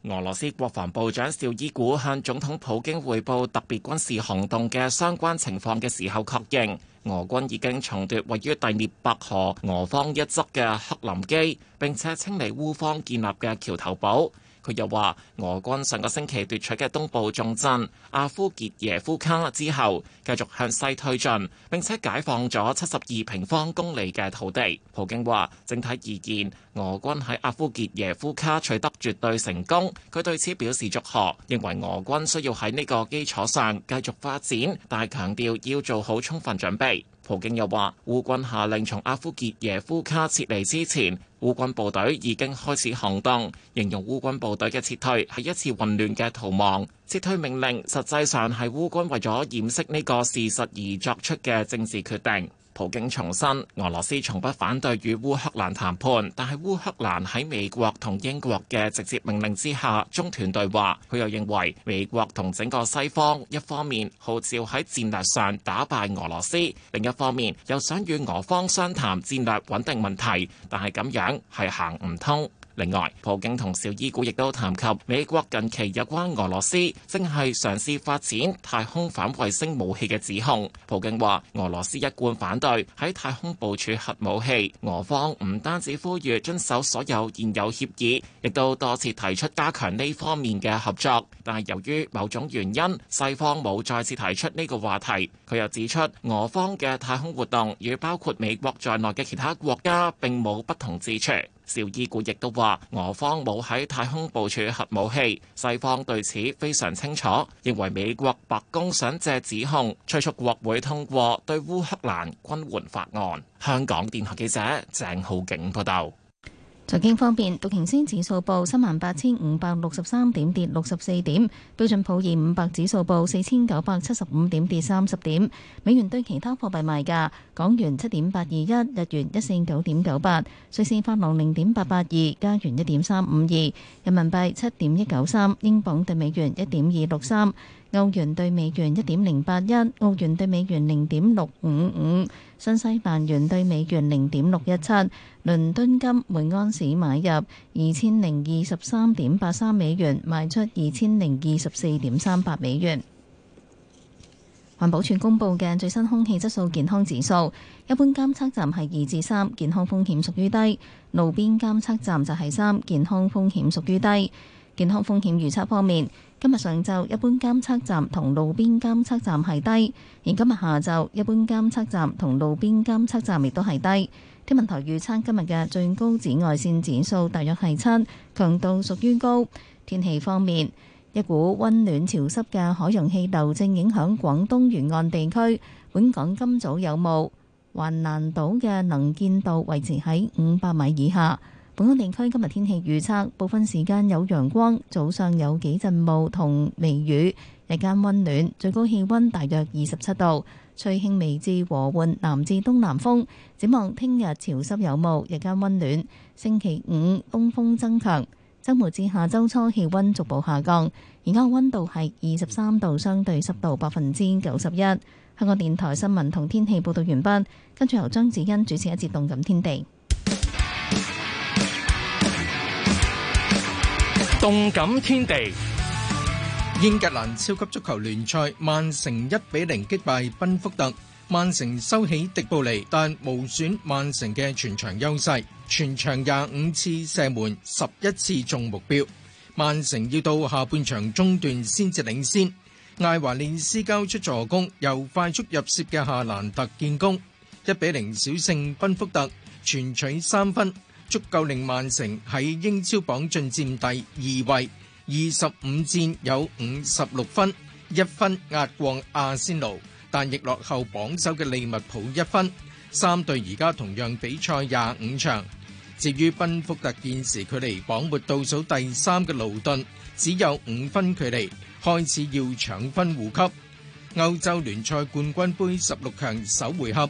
俄羅斯國防部長邵伊古向總統普京匯報特別軍事行動嘅相關情況嘅時候，確認俄軍已經重奪位於第涅伯河俄方一側嘅克林基，並且清理烏方建立嘅橋頭堡。佢又話：俄軍上個星期奪取嘅東部重鎮阿夫傑耶夫卡之後，繼續向西推進，並且解放咗七十二平方公里嘅土地。普京話：整體而言，俄軍喺阿夫傑耶夫卡取得絕對成功。佢對此表示祝賀，認為俄軍需要喺呢個基礎上繼續發展，但係強調要做好充分準備。普京又話：烏軍下令從阿夫傑耶夫卡撤離之前，烏軍部隊已經開始行動，形容烏軍部隊嘅撤退係一次混亂嘅逃亡。撤退命令實際上係烏軍為咗掩飾呢個事實而作出嘅政治決定。普京重申，俄羅斯從不反對與烏克蘭談判，但係烏克蘭喺美國同英國嘅直接命令之下中斷對話，佢又認為美國同整個西方一方面號召喺戰略上打敗俄羅斯，另一方面又想與俄方商談戰略穩定問題，但係咁樣，係行唔通。另外，普京同邵伊古亦都談及美國近期有關俄羅斯正係嘗試發展太空反衛星武器嘅指控。普京話：俄羅斯一貫反對喺太空部署核武器。俄方唔單止呼籲遵守所有現有協議，亦都多次提出加強呢方面嘅合作。但係由於某種原因，西方冇再次提出呢個話題。佢又指出，俄方嘅太空活動與包括美國在內嘅其他國家並冇不同之處。邵伊古亦都話，俄方冇喺太空部署核武器，西方對此非常清楚，認為美國白宮想借指控催促國會通過對烏克蘭軍援法案。香港電台記者鄭浩景報道。財經方面，道瓊斯指數報三萬八千五百六十三點，跌六十四點；標準普爾五百指數報四千九百七十五點，跌三十點。美元對其他貨幣賣價，港元七點八二一，日元一四九點九八，瑞士法郎零點八八二，加元一點三五二，人民幣七點一九三，英鎊兌美元一點二六三。歐元兌美元一點零八一，澳元兌美元零點六五五，新西蘭元兌美元零點六一七，倫敦金每安士買入二千零二十三點八三美元，賣出二千零二十四點三八美元。環保署公布嘅最新空氣質素健康指數，一般監測站係二至三，健康風險屬於低；路邊監測站就係三，健康風險屬於低。健康風險預測方面。今日上晝一般監測站同路邊監測站係低，而今日下晝一般監測站同路邊監測站亦都係低。天文台預測今日嘅最高紫外線指數大約係七，強度屬於高。天氣方面，一股溫暖潮濕嘅海洋氣流正影響廣東沿岸地區，本港今早有霧，橫瀾島嘅能見度維持喺五百米以下。本港地區今日天氣預測，部分時間有陽光，早上有幾陣霧同微雨，日間溫暖，最高氣溫大約二十七度，吹輕微至和緩南至東南風。展望聽日潮濕有霧，日間溫暖。星期五東風增強，周末至下周初氣溫逐步下降。而家溫度係二十三度，相對濕度百分之九十一。香港電台新聞同天氣報道完畢，跟住由張子欣主持一節動感天地。動感天地，英格蘭超級足球聯賽，曼城一比零擊敗賓福特。曼城收起迪布尼，但無損曼城嘅全場優勢。全場廿五次射門，十一次中目標。曼城要到下半場中段先至領先。艾華連斯交出助攻，由快速入楔嘅夏蘭特建功，一比零小勝賓福特，全取三分。足夠令曼城喺英超榜進佔第二位，二十五戰有五十六分，一分壓過阿仙奴，但亦落後榜首嘅利物浦一分。三隊而家同樣比賽廿五場。至於賓福特，現時距離榜末倒數第三嘅勞頓，只有五分距離，開始要搶分護級。歐洲聯賽冠軍杯十六強首回合。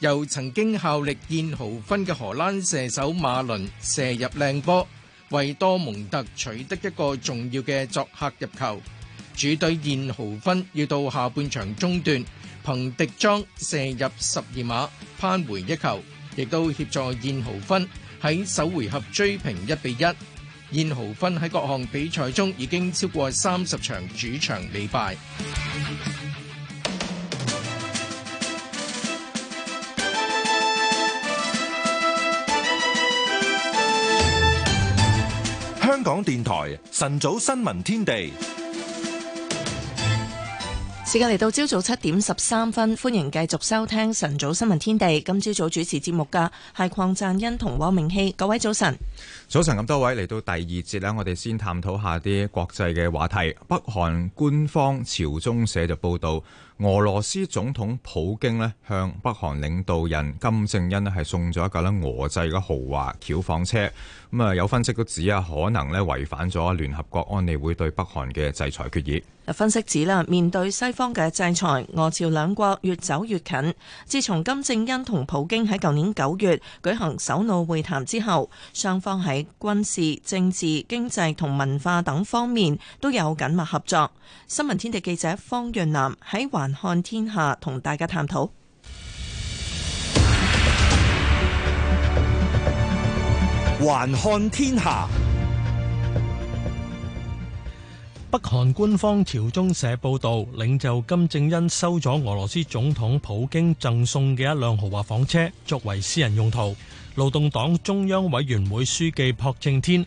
由曾經效力燕豪芬嘅荷蘭射手馬倫射入靚波，為多蒙特取得一個重要嘅作客入球。主隊燕豪芬要到下半場中段，憑迪莊射入十二碼，扳回一球，亦都協助燕豪芬喺首回合追平一比一。燕豪芬喺各項比賽中已經超過三十場主場理敗。香港電台晨早新聞天地，時間嚟到朝早七點十三分，歡迎繼續收聽晨早新聞天地。今朝早主持節目嘅係鄺贊恩同汪明熙。各位早晨，早晨，咁多位嚟到第二節呢，我哋先探討下啲國際嘅話題。北韓官方朝中社就報道。俄羅斯總統普京呢向北韓領導人金正恩呢係送咗一架呢俄製嘅豪華轎房車，咁、嗯、啊有分析都指啊可能呢違反咗聯合國安理會對北韓嘅制裁決議。分析指啦，面對西方嘅制裁，俄朝兩國越走越近。自從金正恩同普京喺舊年九月舉行首腦會談之後，雙方喺軍事、政治、經濟同文化等方面都有緊密合作。新聞天地記者方潤南喺環。環看天下同大家探討。環看天下。北韓官方朝中社報道，領袖金正恩收咗俄羅斯總統普京贈送嘅一輛豪華房車，作為私人用途。勞動黨中央委員會書記朴正天。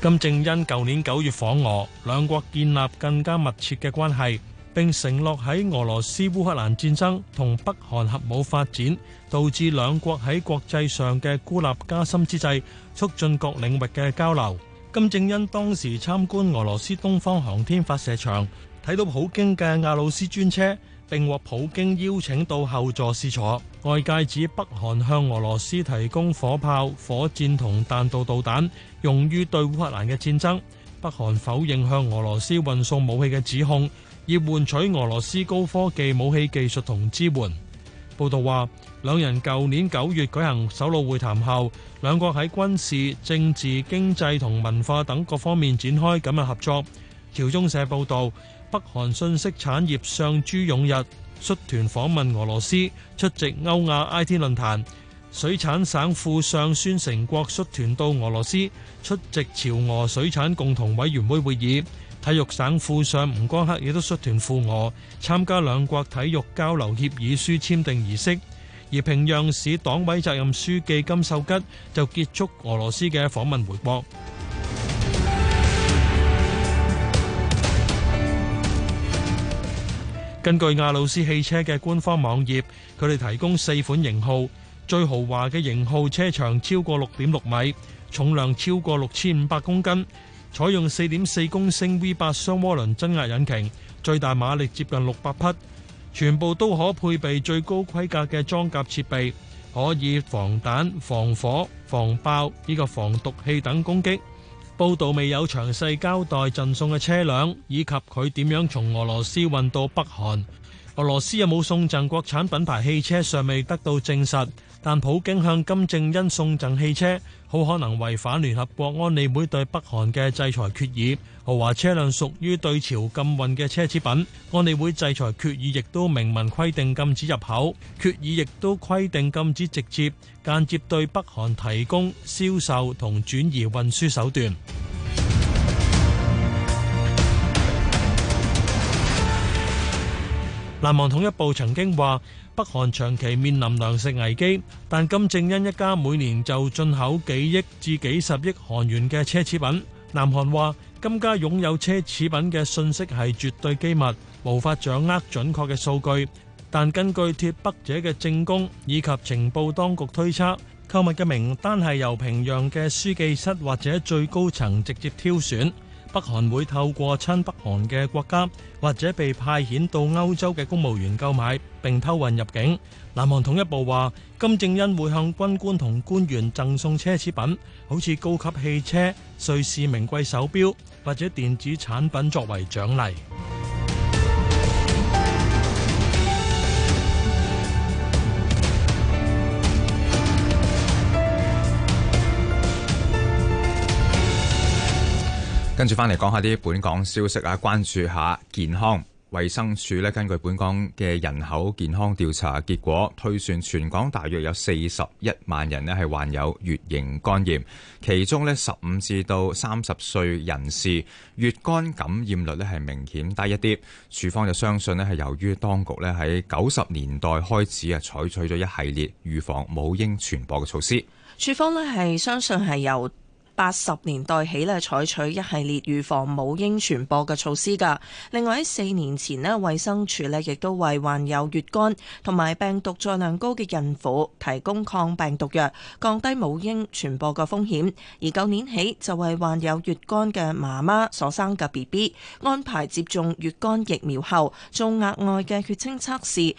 金正恩舊年九月訪俄，兩國建立更加密切嘅關係，並承諾喺俄羅斯烏克蘭戰爭同北韓核武發展，導致兩國喺國際上嘅孤立加深之際，促進各領域嘅交流。金正恩當時參觀俄羅斯東方航天發射場，睇到普京嘅亞魯斯專車，並獲普京邀請到後座試坐。外界指北韓向俄羅斯提供火炮、火箭同彈道導彈，用於對烏克蘭嘅戰爭。北韓否認向俄羅斯運送武器嘅指控，以換取俄羅斯高科技武器技術同支援。報導話，兩人舊年九月舉行首腦會談後，兩國喺軍事、政治、經濟同文化等各方面展開緊密合作。朝中社報導，北韓信息產業,業上珠湧日。率團訪問俄羅斯，出席歐亞 I T 論壇。水產省副相孫成國率團到俄羅斯出席朝俄水產共同委員會會議。體育省副相吳光克亦都率團赴俄參加兩國體育交流協議書簽訂儀式。而平壤市黨委責任書記金秀吉就結束俄羅斯嘅訪問回國。根據亞路斯汽車嘅官方網頁，佢哋提供四款型號，最豪華嘅型號車長超過六點六米，重量超過六千五百公斤，採用四點四公升 V 八雙渦輪增壓引擎，最大馬力接近六百匹，全部都可配備最高規格嘅裝甲設備，可以防彈、防火、防爆、呢個防毒氣等攻擊。報道未有詳細交代贈送嘅車輛，以及佢點樣從俄羅斯運到北韓。俄羅斯有冇送贈國產品牌汽車，尚未得到證實。但普京向金正恩送贈汽車，好可能違反聯合國安理會對北韓嘅制裁決議。豪華車輛屬於對朝禁運嘅奢侈品，安理會制裁決議亦都明文規定禁止入口，決議亦都規定禁止直接、間接對北韓提供、銷售同轉移運輸手段。 *music* 南韓統一部曾經話。北韓長期面臨糧食危機，但金正恩一家每年就進口幾億至幾十億韓元嘅奢侈品。南韓話，金家擁有奢侈品嘅信息係絕對機密，無法掌握準確嘅數據。但根據脫北者嘅證供以及情報當局推測，購物嘅名單係由平壤嘅書記室或者最高層直接挑選。北韓會透過親北韓嘅國家或者被派遣到歐洲嘅公務員購買並偷運入境。南韓統一部話，金正恩會向軍官同官員贈送奢侈品，好似高級汽車、瑞士名貴手錶或者電子產品作為獎勵。跟住翻嚟講下啲本港消息啊，關注下健康衛生署咧，根據本港嘅人口健康調查結果推算，全港大約有四十一萬人咧係患有乙型肝炎，其中咧十五至到三十歲人士乙肝感染率咧係明顯低一啲。署方就相信呢係由於當局咧喺九十年代開始啊採取咗一系列預防母嬰傳播嘅措施。署方呢係相信係由八十年代起呢採取一系列預防母嬰傳播嘅措施噶。另外喺四年前呢衛生署呢亦都為患有乙肝同埋病毒載量高嘅孕婦提供抗病毒藥，降低母嬰傳播嘅風險。而舊年起就為患有乙肝嘅媽媽所生嘅 BB 安排接種乙肝疫苗後做額外嘅血清測試。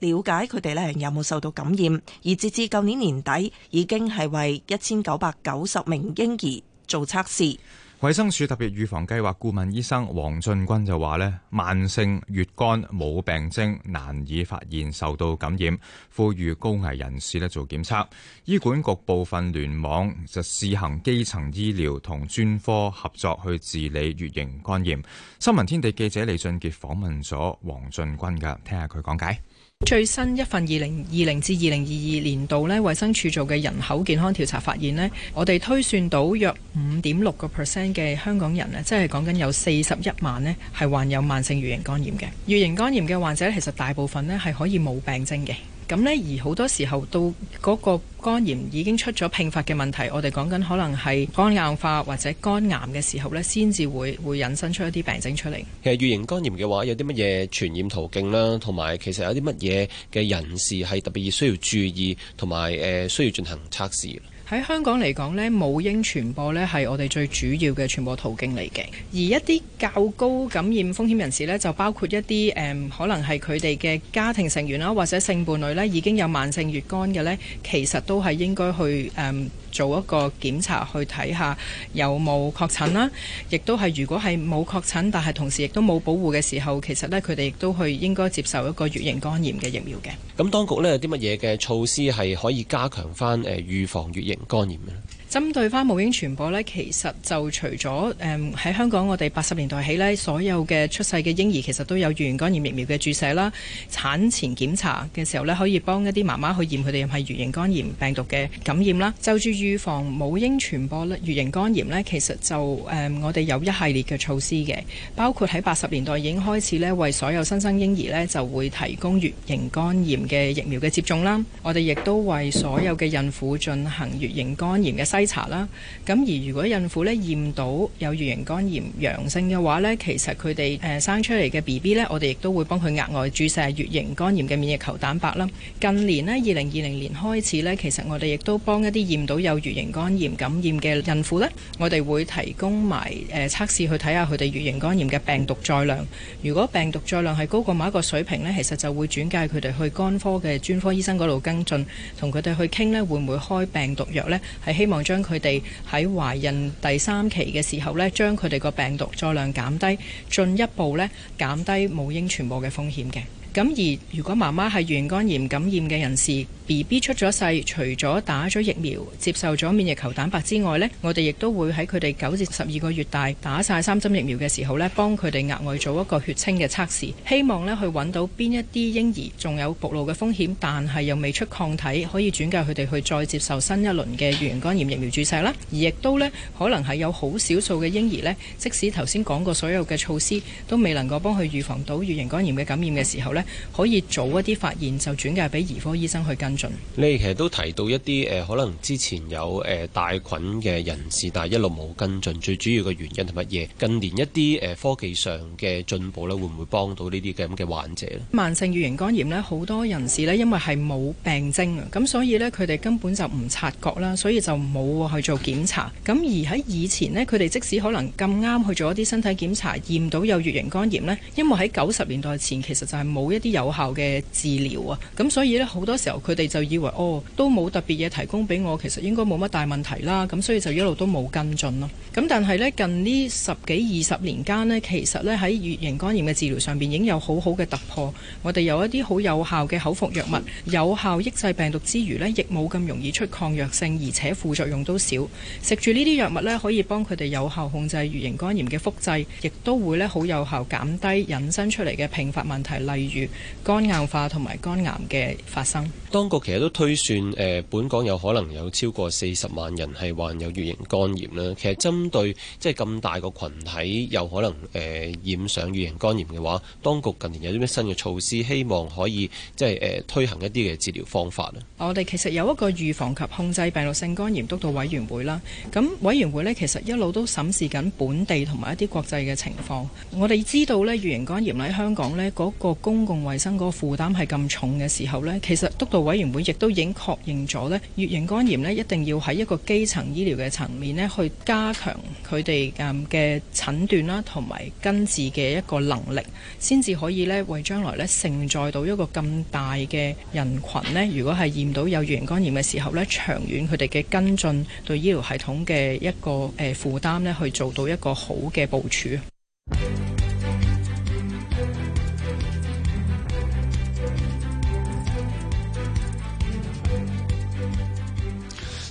了解佢哋呢有冇受到感染，而截至舊年年底，已經係為一千九百九十名嬰兒做測試。衛生署特別預防計劃顧問醫生黃俊君就話呢慢性乙肝冇病徵，難以發現受到感染，呼籲高危人士呢做檢測。醫管局部分聯網就試行基層醫療同專科合作去治理乙型肝炎。新聞天地記者李俊傑訪問咗黃俊君噶，聽下佢講解。最新一份二零二零至二零二二年度呢，衛生署做嘅人口健康調查發現呢，我哋推算到約五點六個 percent 嘅香港人呢，即係講緊有四十一萬呢係患有慢性乙型肝炎嘅。乙型肝炎嘅患者呢，其實大部分呢係可以冇病徵嘅。咁咧，而好多時候到嗰個肝炎已經出咗併發嘅問題，我哋講緊可能係肝硬化或者肝癌嘅時候咧，先至會會引申出一啲病症出嚟。其實乙型肝炎嘅話，有啲乜嘢傳染途徑啦，同埋其實有啲乜嘢嘅人士係特別需要注意，同埋誒需要進行測試？喺香港嚟講呢，母嬰傳播呢係我哋最主要嘅傳播途徑嚟嘅。而一啲較高感染風險人士呢，就包括一啲誒、嗯、可能係佢哋嘅家庭成員啦，或者性伴侶呢已經有慢性乙肝嘅呢，其實都係應該去誒。嗯做一個檢查去睇下有冇確診啦，亦都係如果係冇確診，但係同時亦都冇保護嘅時候，其實呢，佢哋亦都去應該接受一個乙型肝炎嘅疫苗嘅。咁當局呢，有啲乜嘢嘅措施係可以加強翻誒預防乙型肝炎嘅呢？針對翻母嬰傳播呢，其實就除咗誒喺香港，我哋八十年代起呢所有嘅出世嘅嬰兒其實都有乙型肝炎疫苗嘅注射啦。產前檢查嘅時候呢，可以幫一啲媽媽去驗佢哋有冇係乙型肝炎病毒嘅感染啦。就住預防母嬰傳播咧，乙型肝炎呢其實就誒、嗯、我哋有一系列嘅措施嘅，包括喺八十年代已經開始呢為所有新生嬰兒呢就會提供乙型肝炎嘅疫苗嘅接種啦。我哋亦都為所有嘅孕婦進行乙型肝炎嘅篩查啦，咁而如果孕婦呢驗到有乙型肝炎陽性嘅話呢，其實佢哋誒生出嚟嘅 B B 呢，我哋亦都會幫佢額外注射乙型肝炎嘅免疫球蛋白啦。近年呢，二零二零年開始呢，其實我哋亦都幫一啲驗到有乙型肝炎感染嘅孕婦呢，我哋會提供埋誒測試去睇下佢哋乙型肝炎嘅病毒載量。如果病毒載量係高過某一個水平呢，其實就會轉介佢哋去肝科嘅專科醫生嗰度跟進，同佢哋去傾呢會唔會開病毒藥呢？係希望。將佢哋喺懷孕第三期嘅時候呢，將佢哋個病毒載量減低，進一步呢減低母嬰傳播嘅風險嘅。咁而如果媽媽係乙肝炎感染嘅人士，B B 出咗世，除咗打咗疫苗、接受咗免疫球蛋白之外呢，我哋亦都會喺佢哋九至十二個月大打晒三針疫苗嘅時候呢，幫佢哋額外做一個血清嘅測試，希望呢去揾到邊一啲嬰兒仲有暴露嘅風險，但係又未出抗體，可以轉介佢哋去再接受新一輪嘅乙型肝炎疫苗注射啦。而亦都呢可能係有好少數嘅嬰兒呢，即使頭先講過所有嘅措施都未能夠幫佢預防到乙型肝炎嘅感染嘅時候呢，可以早一啲發現就轉介俾兒科醫生去跟。你哋其實都提到一啲誒、呃，可能之前有誒帶、呃、菌嘅人士，但係一路冇跟進，最主要嘅原因係乜嘢？近年一啲誒、呃、科技上嘅進步咧，會唔會幫到呢啲咁嘅患者咧？慢性乙型肝炎咧，好多人士咧，因為係冇病徵啊，咁所以咧佢哋根本就唔察覺啦，所以就冇去做檢查。咁而喺以前呢，佢哋即使可能咁啱去做一啲身體檢查，驗到有乙型肝炎咧，因為喺九十年代前其實就係冇一啲有效嘅治療啊，咁所以咧好多時候佢哋就以為哦，都冇特別嘢提供俾我，其實應該冇乜大問題啦。咁所以就一路都冇跟進咯。咁但係呢，近呢十幾二十年間呢，其實呢喺乙型肝炎嘅治療上邊已經有好好嘅突破。我哋有一啲好有效嘅口服藥物，有效抑制病毒之餘呢，亦冇咁容易出抗藥性，而且副作用都少。食住呢啲藥物呢，可以幫佢哋有效控制乙型肝炎嘅複製，亦都會呢好有效減低引申出嚟嘅併發問題，例如肝硬化同埋肝癌嘅發生。局其實都推算誒、呃，本港有可能有超過四十萬人係患有乙型肝炎啦。其實針對即係咁大個群體有可能誒、呃、染上乙型肝炎嘅話，當局近年有啲咩新嘅措施，希望可以即係誒推行一啲嘅治療方法呢？我哋其實有一個預防及控制病毒性肝炎督導委員會啦。咁委員會呢，其實一路都審視緊本地同埋一啲國際嘅情況。我哋知道呢，乙型肝炎喺香港呢，嗰、那個公共衞生嗰個負擔係咁重嘅時候呢，其實督導委員亦都已經確認咗咧，乙型肝炎咧一定要喺一個基層醫療嘅層面咧，去加強佢哋嘅嘅診斷啦，同埋根治嘅一個能力，先至可以咧為將來咧承載到一個咁大嘅人群咧。如果係驗到有乙型肝炎嘅時候咧，長遠佢哋嘅跟進對醫療系統嘅一個誒負擔咧，去做到一個好嘅部署。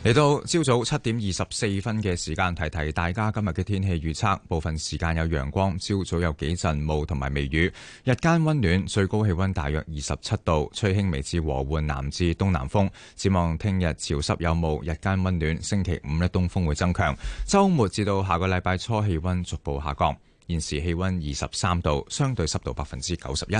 嚟到朝早七點二十四分嘅時間，提提大家今日嘅天氣預測。部分時間有陽光，朝早有幾陣霧同埋微雨。日間溫暖，最高氣溫大約二十七度，吹輕微至和緩南至東南風。展望聽日潮濕有霧，日間溫暖。星期五呢，東風會增強，周末至到下個禮拜初氣溫逐步下降。現時氣溫二十三度，相對濕度百分之九十一。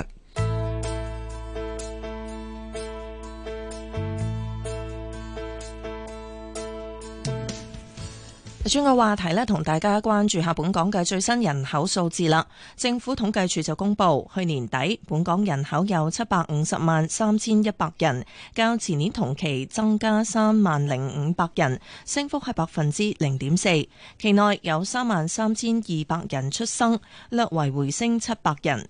轉個話題咧，同大家關注下本港嘅最新人口數字啦。政府統計處就公布，去年底本港人口有七百五十萬三千一百人，較前年同期增加三萬零五百人，升幅係百分之零點四。期內有三萬三千二百人出生，略為回升七百人。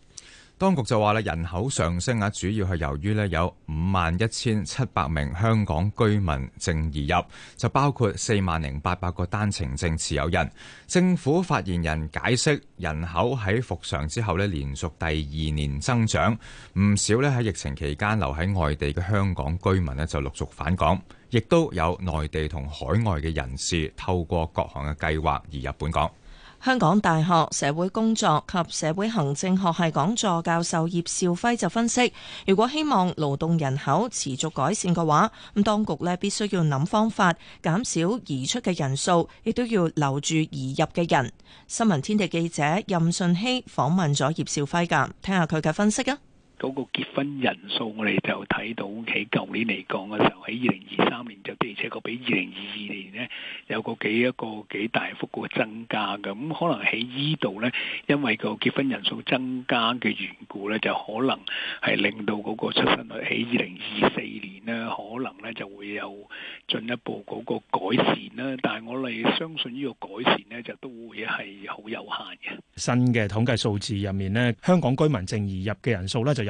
當局就話咧，人口上升啊，主要係由於咧，有五萬一千七百名香港居民正移入，就包括四萬零八百個單程證持有人。政府發言人解釋，人口喺復常之後咧，連續第二年增長，唔少咧喺疫情期間留喺外地嘅香港居民咧就陸續返港，亦都有內地同海外嘅人士透過各項嘅計劃移入本港。香港大學社會工作及社會行政學系講座教授葉兆輝就分析，如果希望勞動人口持續改善嘅話，咁當局呢必須要諗方法減少移出嘅人數，亦都要留住移入嘅人。新聞天地記者任順希訪問咗葉兆輝㗎，聽下佢嘅分析啊！嗰個結婚人數，我哋就睇到喺舊年嚟講嘅時候，喺二零二三年就的而且確比二零二二年呢有個幾一個幾大幅嘅增加嘅，咁可能喺依度呢，因為個結婚人數增加嘅緣故呢，就可能係令到嗰個出生率喺二零二四年呢，可能呢就會有進一步嗰個改善啦。但係我哋相信呢個改善呢，就都會係好有限嘅。新嘅統計數字入面呢，香港居民正移入嘅人數呢就有。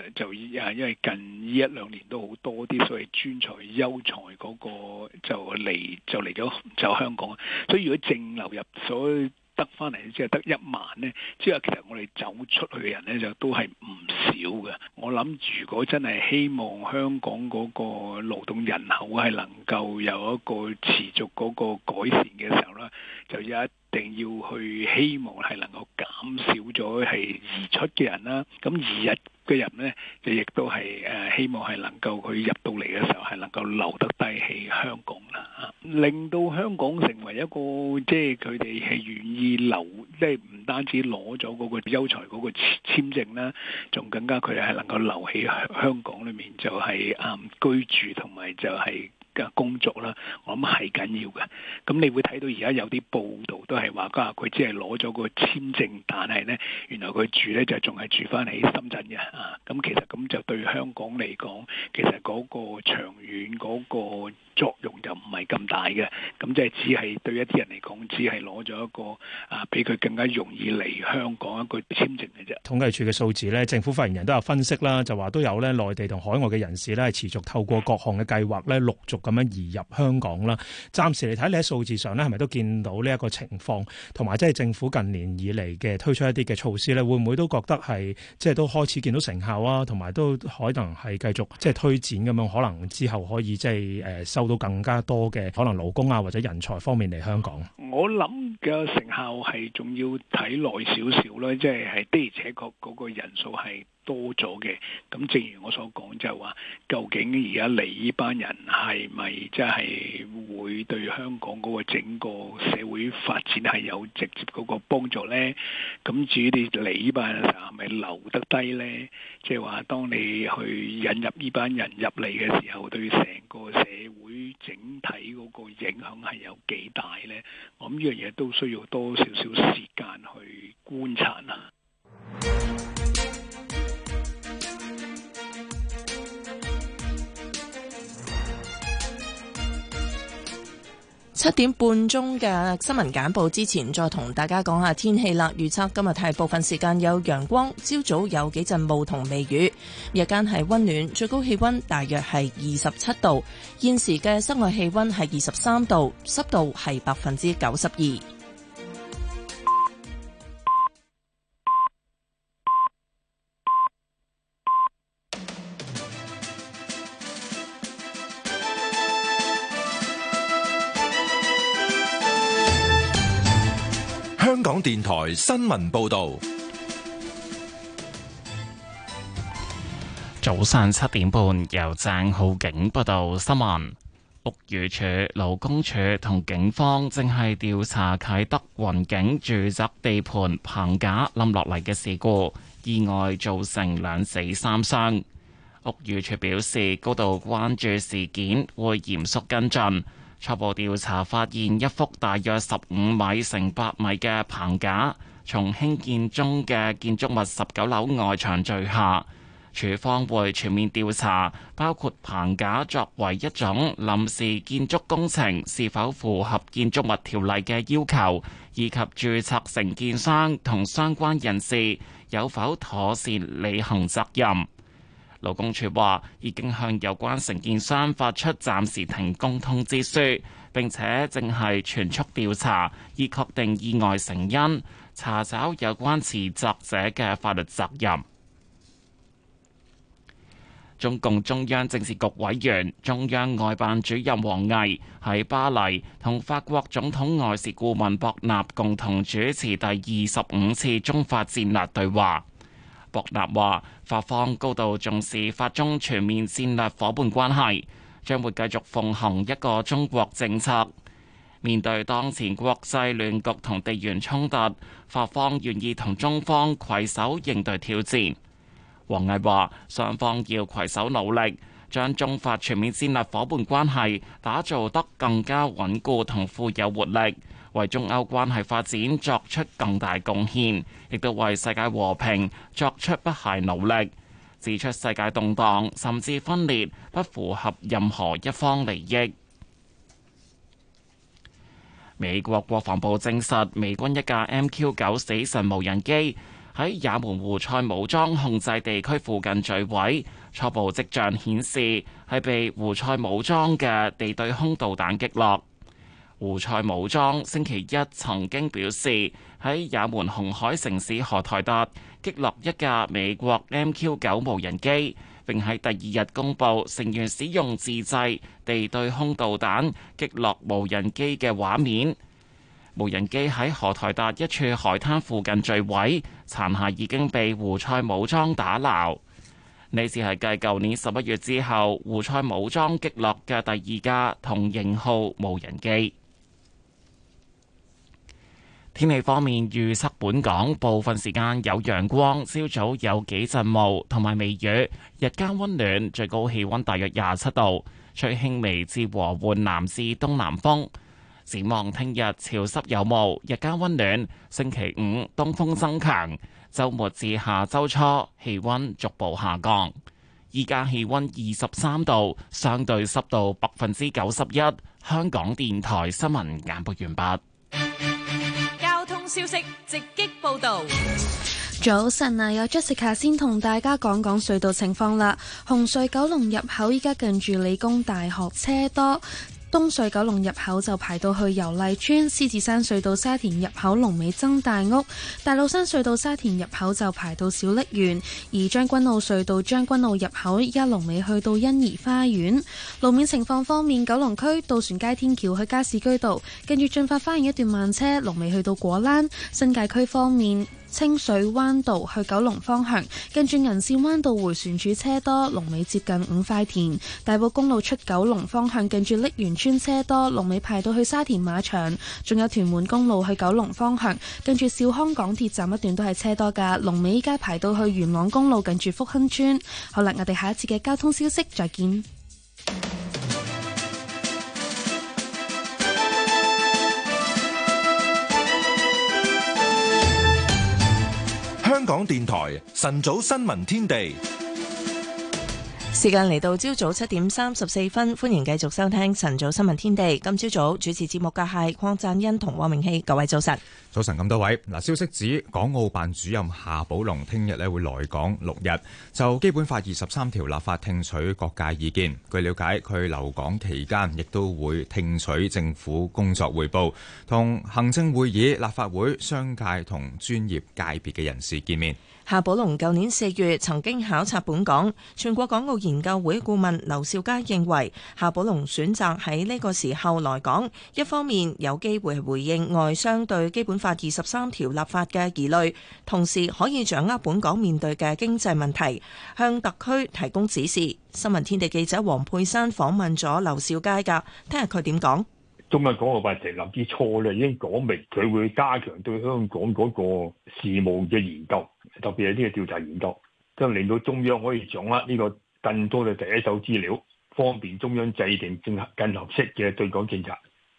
就啊，因為近依一兩年都好多啲所謂專才、優才嗰個就嚟就嚟咗就香港，所以如果淨流入所得翻嚟只係得一萬呢，即係其實我哋走出去嘅人呢，就都係唔少嘅。我諗如果真係希望香港嗰個勞動人口係能夠有一個持續嗰個改善嘅時候呢，就一定要去希望係能夠減少咗係移出嘅人啦。咁移入嘅人呢，就亦都係誒，希望係能夠佢入到嚟嘅時候，係能夠留得低喺香港啦，令到香港成為一個即係佢哋係願意留，即係唔單止攞咗嗰個優才嗰個簽簽證啦，仲更加佢係能夠留喺香港裏面就係居住同埋就係、是，工作啦，我諗係緊要嘅。咁你會睇到而家有啲報道都係話，家下佢只係攞咗個簽證，但係呢，原來佢住呢就仲係住翻喺深圳嘅啊。咁其實咁就對香港嚟講，其實嗰個長遠嗰個。作用就唔係咁大嘅，咁即係只係對一啲人嚟講只係攞咗一個啊，比佢更加容易嚟香港一個簽證嘅啫。統計處嘅數字咧，政府發言人都有分析啦，就話都有咧，內地同海外嘅人士咧，係持續透過各項嘅計劃咧，陸續咁樣移入香港啦。暫時嚟睇你喺數字上咧，係咪都見到呢一個情況，同埋即係政府近年以嚟嘅推出一啲嘅措施咧，會唔會都覺得係即係都開始見到成效啊？同埋都可能係繼續即係推展咁樣可能之後可以即係誒收到更加多嘅可能勞工啊或者人才方面嚟香港，我諗嘅成效係仲要睇耐少少咧，即係係的而且確嗰個人數係多咗嘅，咁正如我所講，就係話究竟而家你呢班人係咪真係會對香港嗰個整個社會發展係有直接嗰個幫助咧？咁至於你嚟呢班人係咪留得低咧？即係話當你去引入呢班人入嚟嘅時候，對成個社會整體嗰個影響係有幾大咧？我諗呢樣嘢都需要多多少少時間去觀察啊。七點半鐘嘅新聞簡報之前，再同大家講下天氣啦。預測今日大部分時間有陽光，朝早有幾陣霧同微雨，日間係温暖，最高氣温大約係二十七度。現時嘅室外氣温係二十三度，濕度係百分之九十二。香港電台新聞報道，早上七點半由鄭浩景報道新聞。屋宇署、勞工署同警方正係調查啟德雲景住宅地盤棚架冧落嚟嘅事故，意外造成兩死三傷。屋宇署表示高度關注事件會嚴肅進，會嚴肅跟進。初步調查發現一幅大約十五米乘八米嘅棚架，從興建中嘅建築物十九樓外牆墜下。處方會全面調查，包括棚架作為一種臨時建築工程是否符合建築物條例嘅要求，以及註冊承建商同相關人士有否妥善履行責任。勞工處話已經向有關承建商發出暫時停工通知書，並且正係全速調查，以確定意外成因，查找有關涉責者嘅法律責任。中共中央政治局委員、中央外辦主任王毅喺巴黎同法國總統外事顧問博納共同主持第二十五次中法戰略對話。博納話：法方高度重視法中全面戰略夥伴關係，將會繼續奉行一個中國政策。面對當前國際亂局同地緣衝突，法方願意同中方携手應對挑戰。王毅話：雙方要携手努力，將中法全面戰略伙伴關係打造得更加穩固同富有活力。為中歐關係發展作出更大貢獻，亦都為世界和平作出不懈努力，指出世界動盪甚至分裂不符合任何一方利益。美國國防部證實，美軍一架 MQ 九死神無人機喺也門胡塞武裝控制地區附近墜毀，初步跡象顯示係被胡塞武裝嘅地對空導彈擊落。胡塞武裝星期一曾經表示，喺也門紅海城市荷台達擊落一架美國 MQ 九無人機，並喺第二日公布成員使用自製地對空導彈擊落無人機嘅畫面。無人機喺荷台達一處海灘附近墜毀，殘骸已經被胡塞武裝打撈。呢次係繼舊年十一月之後，胡塞武裝擊落嘅第二架同型號無人機。天氣方面，預測本港部分時間有陽光，朝早有幾陣霧同埋微雨，日間溫暖，最高氣溫大約廿七度，吹輕微至和緩南至東南風。展望聽日潮濕有霧，日間溫暖。星期五東風增強，周末至下周初氣溫逐步下降。依家氣溫二十三度，相對濕度百分之九十一。香港電台新聞簡報完畢。消息直擊報道，早晨啊，有 Jessica 先同大家講講隧道情況啦。紅隧九龍入口依家近住理工大學，車多。東隧九龍入口就排到去油麗邨，獅子山隧道沙田入口龍尾曾大屋，大老山隧道沙田入口就排到小瀝源，而將軍澳隧道將軍澳入口依家龍尾去到欣怡花園。路面情況方面，九龍區渡船街天橋去加士居道，跟住駿發花園一段慢車，龍尾去到果欄。新界區方面。清水灣道去九龍方向，跟住銀線灣道回旋處車多，龍尾接近五塊田；大埔公路出九龍方向，跟住瀝源村車多，龍尾排到去沙田馬場；仲有屯門公路去九龍方向，跟住兆康港鐵站一段都係車多㗎，龍尾依家排到去元朗公路，跟住福亨村。好啦，我哋下一次嘅交通消息再見。香港電台晨早新聞天地。時間嚟到朝早七點三十四分，歡迎繼續收聽晨早新聞天地。今朝早主持節目嘅係鄺讚欣同汪明熙。各位早晨。早晨咁多位。嗱，消息指港澳辦主任夏寶龍聽日呢會來港六日，就基本法二十三條立法聽取各界意見。據了解，佢留港期間亦都會聽取政府工作匯報，同行政會議、立法會、商界同專業界別嘅人士見面。夏寶龍舊年四月曾經考察本港。全國港澳研究會顧問劉兆佳認為，夏寶龍選擇喺呢個時候來港，一方面有機會回應外商對基本法二十三條立法嘅疑慮，同時可以掌握本港面對嘅經濟問題，向特區提供指示。新聞天地記者黃佩珊訪問咗劉兆佳㗎，聽下佢點講？中日港澳辦成立之初呢，已經講明佢會加強對香港嗰個事務嘅研究。特別係呢個調查研究，都令到中央可以掌握呢個更多嘅第一手資料，方便中央制定政策更合適嘅對港政策。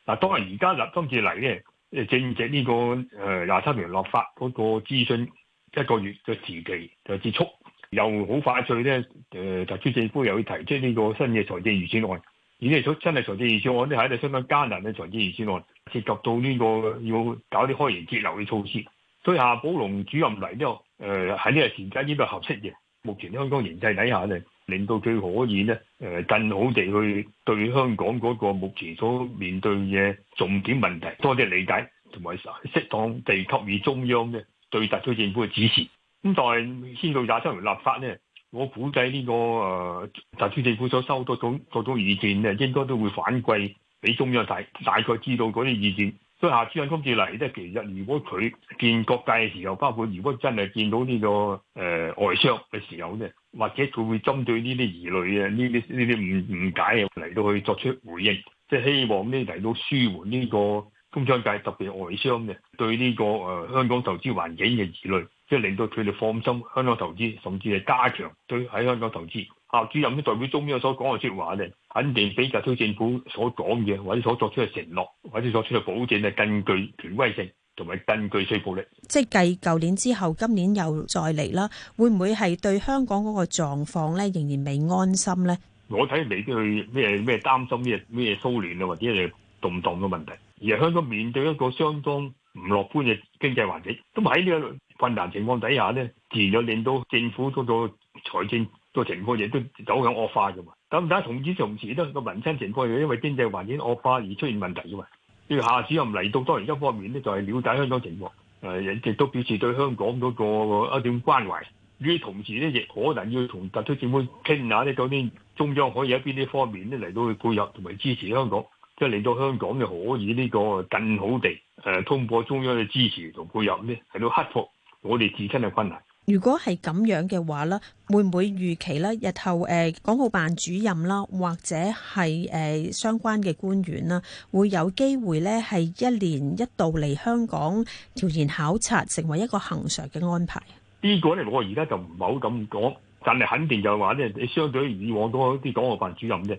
嗱、啊，當然，而家立今次嚟咧，正值呢、這個誒廿三條立法嗰個諮詢一個月嘅時期就結、是、束，又好快脆咧。誒特區政府又要提出呢個新嘅財政預算案，而呢個新嘅財政預算案咧係一個相當艱難嘅財政預算案，涉及到呢個要搞啲開源節流嘅措施。所以夏寶龍主任嚟呢，後，誒喺呢個時間呢個合適嘅，目前香港形勢底下咧，令到佢可以咧誒、呃，更好地去對香港嗰個目前所面對嘅重點問題多啲理解，同埋適當地給予中央咧對特區政府嘅指示。咁、嗯、但係先到廿三條立法呢，我估計呢、這個誒、呃、特區政府所收到各種多種意見咧，應該都會反饋俾中央大大概知道嗰啲意見。所以夏先生今次嚟，即係其實如果佢見各界嘅時候，包括如果真係見到呢、這個誒、呃、外商嘅時候咧，或者佢會針對呢啲疑慮啊、呢啲呢啲誤誤解啊嚟到去作出回應，即、就、係、是、希望呢嚟到舒緩呢個工商界特別外商嘅對呢、這個誒香港投資環境嘅疑慮。即係令到佢哋放心香港投資，甚至係加強對喺香港投資。啊，主任都代表中央所講嘅説話咧，肯定比特區政府所講嘅或者所作出嘅承諾或者所作出嘅保證咧，更具權威性同埋更具說服力。即係繼舊年之後，今年又再嚟啦，會唔會係對香港嗰個狀況咧仍然未安心咧？我睇未必去咩咩擔心咩咩蘇聯啊，或者係動唔動嘅問題。而係香港面對一個相當唔樂觀嘅經濟環境，都喺呢、呢個困難情況底下咧，自然就令到政府嗰個財政個情況亦都走向惡化嘅嘛。咁但係同時同時咧，個民生情況又因為經濟環境惡化而出現問題嘅嘛。呢下次又唔嚟到，當然一方面咧，就係、是、了解香港情況，誒亦都表示對香港嗰個一點關懷。呢啲同時咧，亦可能要同特區政府傾下呢。究竟中央可以喺邊啲方面咧嚟到去配合同埋支持香港，即係令到香港就可以呢個更好地誒、呃、通過中央嘅支持同配合咧，嚟到克服我哋自身嘅困難。如果係咁樣嘅話咧，會唔會預期咧日後誒、呃、港澳辦主任啦，或者係誒、呃、相關嘅官員啦，會有機會咧係一年一度嚟香港調研考察，成為一個恒常嘅安排？呢個咧，我而家就唔係好咁講，但係肯定就係話咧，你相對於以往都多啲港澳辦主任啫，誒、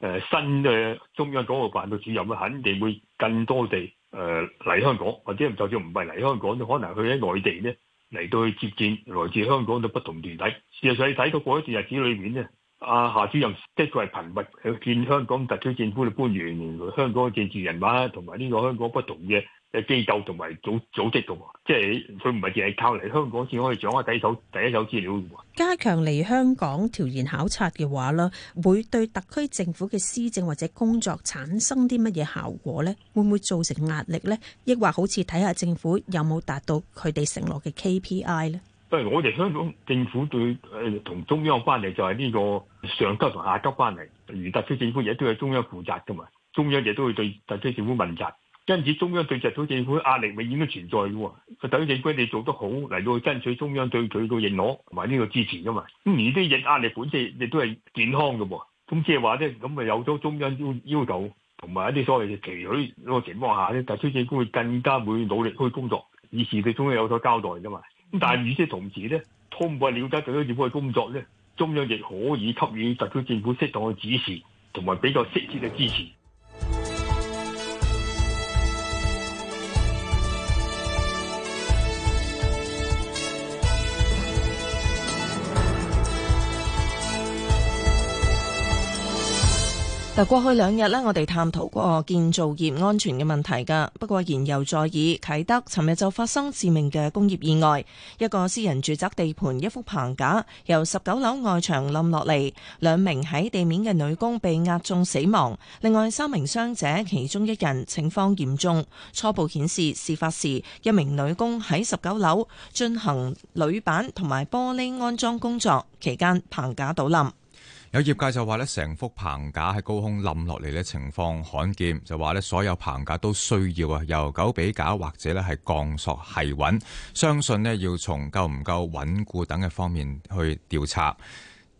呃、新嘅中央港澳辦嘅主任咧，肯定會更多地誒嚟、呃、香港，或者就算唔係嚟香港，都可能去喺內地咧。嚟到去接見來自香港嘅不同團體，事實上你睇到嗰一段日子裏面咧，阿、啊、夏主任的確係佢係頻密去見香港特區政府嘅官員同香港嘅政治人物，同埋呢個香港不同嘅嘅機構同埋組組織嘅，即係佢唔係淨係靠嚟香港先可以掌握第一手第一手資料。加強嚟香港調研考察嘅話咧，會對特區政府嘅施政或者工作產生啲乜嘢效果咧？會唔會造成壓力咧？亦或好似睇下政府有冇達到佢哋承諾嘅 KPI 咧？都係我哋香港政府對誒同中央關係就係呢個上級同下級關係，而特區政府亦都係中央負責嘅嘛，中央亦都會對特區政府問責。因此中央對特區政府壓力永遠都存在嘅喎，佢等政府你做得好嚟到爭取中央對佢嘅認可同埋呢個支持噶嘛。咁、嗯、而啲嘅壓力本身亦都係健康嘅喎。咁即係話咧，咁咪有咗中央要要求同埋一啲所謂嘅期許嗰個情況下咧，特區政府會更加會努力去工作，以示對中央有所交代噶嘛。咁但係與此同時咧，通過了解特區政府嘅工作咧，中央亦可以給予特區政府適當嘅指示同埋比較適切嘅支持。但過去兩日呢我哋探討過建造業安全嘅問題㗎。不過，言猶在耳。啟德尋日就發生致命嘅工業意外，一個私人住宅地盤一幅棚架由十九樓外牆冧落嚟，兩名喺地面嘅女工被壓中死亡。另外三名傷者，其中一人情況嚴重。初步顯示，事發時一名女工喺十九樓進行鋁板同埋玻璃安裝工作期間，棚架倒冧。有業界就話咧，成幅棚架喺高空冧落嚟嘅情況罕見，就話咧所有棚架都需要啊由九比架或者咧係鋼索係穩，相信呢要從夠唔夠穩固等嘅方面去調查，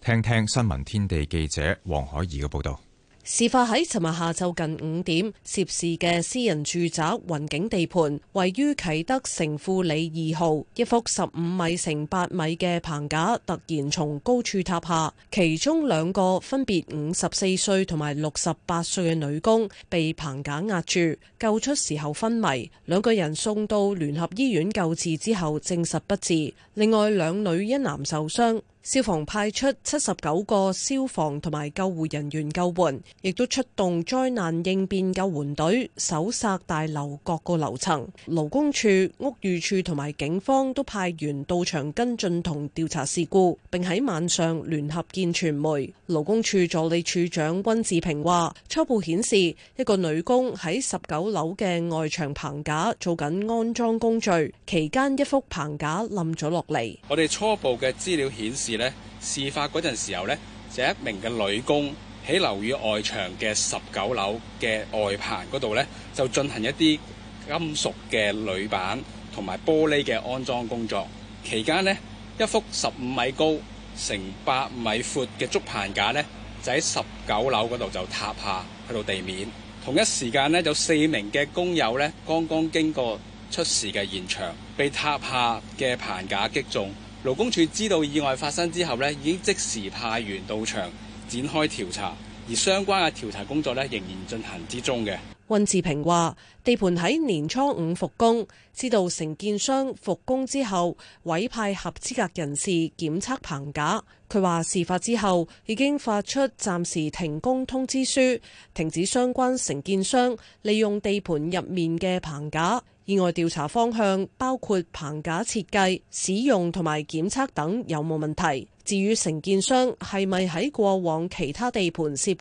聽聽新聞天地記者黃海怡嘅報導。事發喺尋日下晝近五點，涉事嘅私人住宅雲景地盤位於啟德城富里二號，一幅十五米乘八米嘅棚架突然從高處塌下，其中兩個分別五十四歲同埋六十八歲嘅女工被棚架壓住，救出時候昏迷，兩個人送到聯合醫院救治之後證實不治，另外兩女一男受傷。消防派出七十九個消防同埋救護人員救援，亦都出動災難應變救援隊搜索大樓各個樓層。勞工處、屋宇處同埋警方都派員到場跟進同調查事故，並喺晚上聯合見傳媒。勞工處助理處長溫志平話：初步顯示，一個女工喺十九樓嘅外牆棚架做緊安裝工序，期間一幅棚架冧咗落嚟。我哋初步嘅資料顯示。事發嗰陣時候呢就一名嘅女工喺樓宇外牆嘅十九樓嘅外棚嗰度呢就進行一啲金屬嘅鋁板同埋玻璃嘅安裝工作。期間呢，一幅十五米高、成八米闊嘅竹棚架呢，就喺十九樓嗰度就塌下去到地面。同一時間呢，有四名嘅工友呢，剛剛經過出事嘅現場，被塌下嘅棚架擊中。勞工處知道意外發生之後咧，已經即時派員到場展開調查，而相關嘅調查工作咧仍然進行之中嘅。溫志平話：地盤喺年初五復工，知道承建商復工之後，委派合資格人士檢測棚架。佢話事發之後已經發出暫時停工通知書，停止相關承建商利用地盤入面嘅棚架。意外調查方向包括棚架設計、使用同埋檢測等有冇問題。至於承建商係咪喺過往其他地盤涉及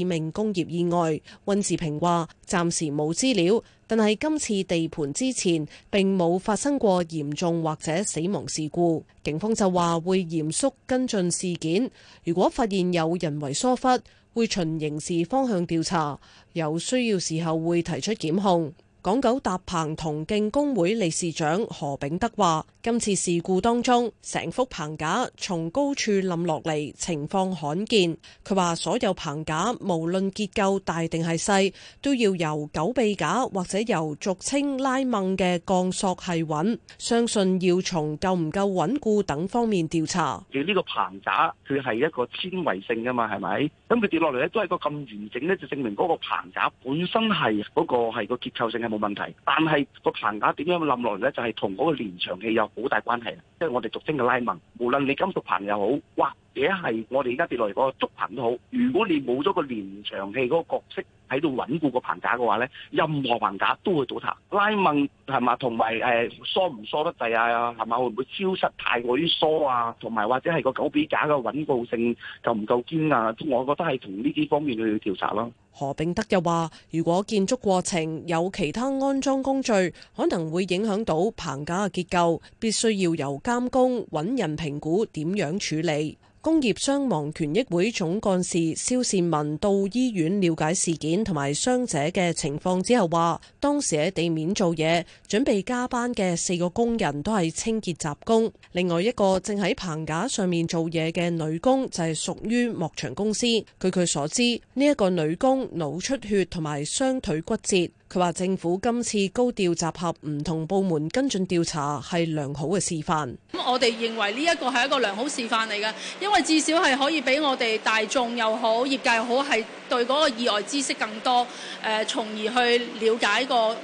致命工業意外？溫志平話：暫時冇資料，但係今次地盤之前並冇發生過嚴重或者死亡事故。警方就話會嚴肅跟進事件，如果發現有人為疏忽，會循刑事方向調查，有需要時候會提出檢控。港九搭棚同敬工會理事長何炳德話，今次事故當中，成幅棚架從高處冧落嚟，情況罕見。佢話所有棚架無論結構大定係細，都要由狗臂架或者由俗稱拉孟嘅鋼索係穩。相信要從夠唔夠穩固等方面調查。佢呢個棚架佢係一個纖維性㗎嘛，係咪？咁佢跌落嚟咧都係個咁完整咧，就證明嗰個棚架本身係嗰個係個結構性係。冇問題，但係個棚架點樣冧落嚟咧？就係同嗰個連牆器有好大關係。即係我哋俗稱嘅拉文，無論你金屬棚又好，或者係我哋而家跌落嚟嗰個竹棚都好，如果你冇咗個連牆器嗰個角色。喺度穩固個棚架嘅話咧，任何棚架都會倒塌。拉問係嘛？同埋誒疏唔疏得滯啊？係嘛？會唔會消失太過啲疏啊？同埋或者係個九比架嘅穩固性夠唔夠堅啊？我覺得係從呢啲方面去調查咯。何秉德又話，如果建築過程有其他安裝工序，可能會影響到棚架嘅結構，必須要由監工揾人評估點樣處理。工業傷亡權益會總幹事蕭善文到醫院了解事件同埋傷者嘅情況之後話，當時喺地面做嘢，準備加班嘅四個工人都係清潔雜工，另外一個正喺棚架上面做嘢嘅女工就係屬於幕牆公司。據佢所知，呢一個女工腦出血同埋雙腿骨折。佢話：政府今次高調集合唔同部門跟進調查，係良好嘅示範。咁我哋認為呢一個係一個良好示範嚟嘅，因為至少係可以俾我哋大眾又好、業界又好，係對嗰個意外知識更多。誒，從而去了解個誒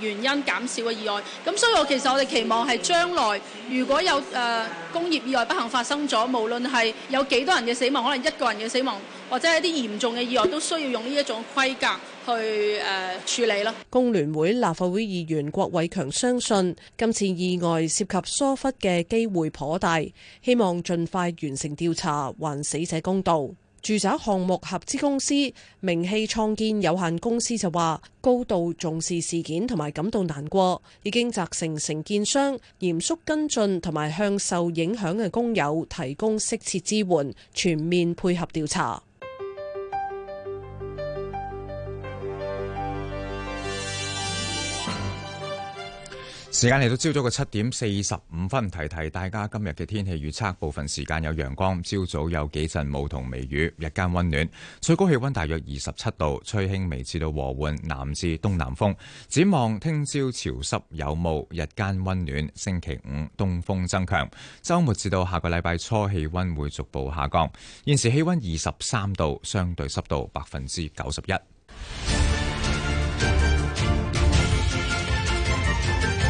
原因，減少嘅意外。咁所以我其實我哋期望係將來如果有誒工業意外不幸發生咗，無論係有幾多人嘅死亡，可能一個人嘅死亡。或者一啲嚴重嘅意外都需要用呢一種規格去誒處理咯。工聯會立法會議員郭偉強相信今次意外涉及疏忽嘅機會頗大，希望盡快完成調查，還死者公道。住宅項目合資公司名氣創建有限公司就話，高度重視事件同埋感到難過，已經責成承建商嚴肅跟進，同埋向受影響嘅工友提供適切支援，全面配合調查。時間嚟到朝早嘅七點四十五分，提提大家今日嘅天氣預測：部分時間有陽光，朝早有幾陣霧同微雨，日間溫暖，最高氣溫大約二十七度，吹輕微至到和緩，南至東南風。展望聽朝潮濕有霧，日間溫暖，星期五東風增強，周末至到下個禮拜初氣溫會逐步下降。現時氣溫二十三度，相對濕度百分之九十一。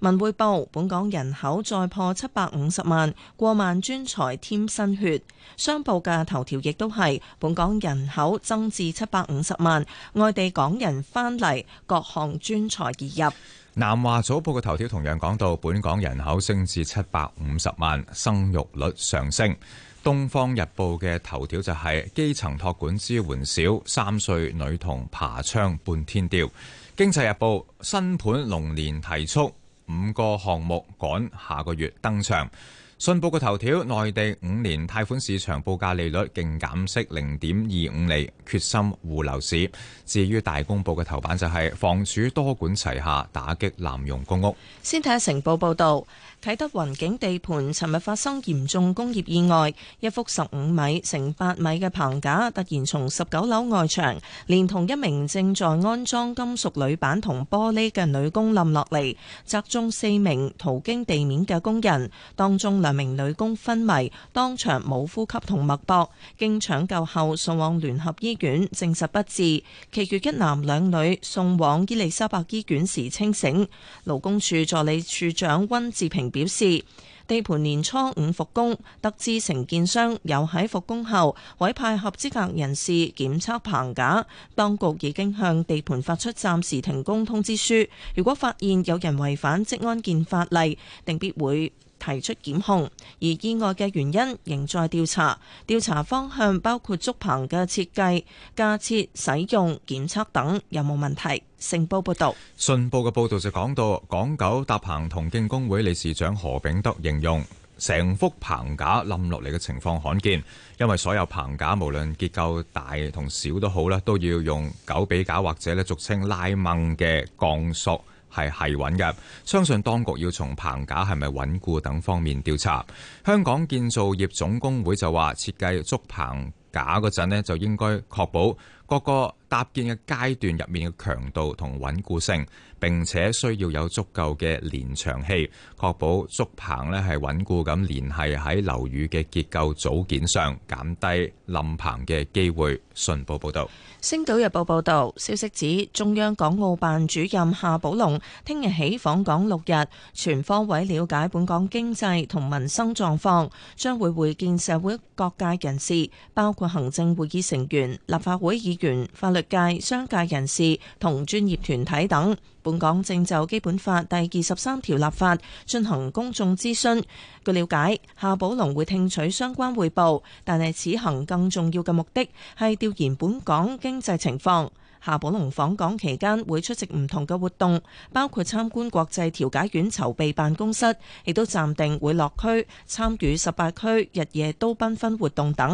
文匯報本港人口再破七百五十萬，過萬專才添新血。商報嘅頭條亦都係本港人口增至七百五十萬，外地港人翻嚟，各項專才移入。南華早報嘅頭條同樣講到，本港人口升至七百五十萬，生育率上升。東方日報嘅頭條就係基層託管支援少，三歲女童爬窗半天吊。經濟日報新盤龍年提速。五個項目趕下個月登場。信報嘅頭條：內地五年貸款市場報價利率勁減息零點二五厘，決心護樓市。至於大公報嘅頭版就係房署多管齊下打擊濫用公屋。先睇下成報報道。啟德雲景地盤尋日發生嚴重工業意外，一幅十五米乘八米嘅棚架突然從十九樓外牆，連同一名正在安裝金屬鋁板同玻璃嘅女工冧落嚟，砸中四名途經地面嘅工人，當中兩名女工昏迷，當場冇呼吸同脈搏，經搶救後送往聯合醫院證實不治，其餘一男兩女送往伊利沙伯醫院時清醒。勞工處助理處長溫志平，表示地盤年初五復工，得知承建商又喺復工後委派合資格人士檢測棚架，當局已經向地盤發出暫時停工通知書。如果發現有人違反職安健法例，定必會提出檢控，而意外嘅原因仍在調查。調查方向包括竹棚嘅設計、架設、使用、檢測等有冇問題。成報報導，信報嘅報導就講到，港九搭棚同敬工會理事長何炳德形容，成幅棚架冧落嚟嘅情況罕見，因為所有棚架無論結構大同小都好啦，都要用九比架或者咧俗稱拉孟嘅鋼索。係係穩嘅，相信當局要從棚架係咪穩固等方面調查。香港建造業總工會就話，設計竹棚架嗰陣咧，就應該確保各個搭建嘅階段入面嘅強度同穩固性，並且需要有足夠嘅連長器，確保竹棚呢係穩固咁連係喺樓宇嘅結構組件上，減低冧棚嘅機會。信報報道。《星島日報》報導，消息指中央港澳辦主任夏寶龍聽日起訪港六日，全方位了解本港經濟同民生狀況，將會會見社會各界人士，包括行政會議成員、立法會議員、法律界、商界人士同專業團體等。本港正就《基本法》第二十三條立法進行公眾諮詢。據了解，夏寶龍會聽取相關匯報，但係此行更重要嘅目的係調研本港經濟情況。夏寶龍訪港期間會出席唔同嘅活動，包括參觀國際調解院籌備辦公室，亦都暫定會落區參與十八區日夜都繽紛活動等。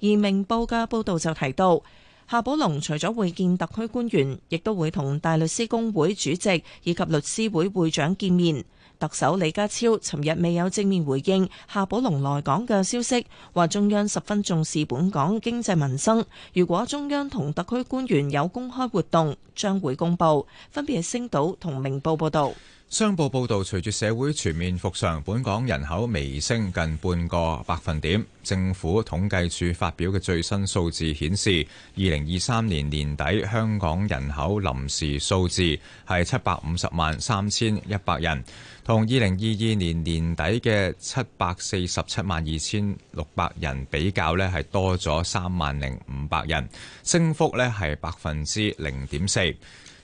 而明報嘅報道就提到，夏寶龍除咗會見特區官員，亦都會同大律師公會主席以及律師會會長見面。特首李家超尋日未有正面回應夏寶龍來港嘅消息，話中央十分重視本港經濟民生。如果中央同特區官員有公開活動，將會公布。分別係星島同明報報道，商報報道，隨住社會全面復常，本港人口微升近半個百分點，政府統計處發表嘅最新數字顯示，二零二三年年底香港人口臨時數字係七百五十萬三千一百人。同二零二二年年底嘅七百四十七萬二千六百人比較呢，係多咗三萬零五百人，升幅呢，係百分之零點四。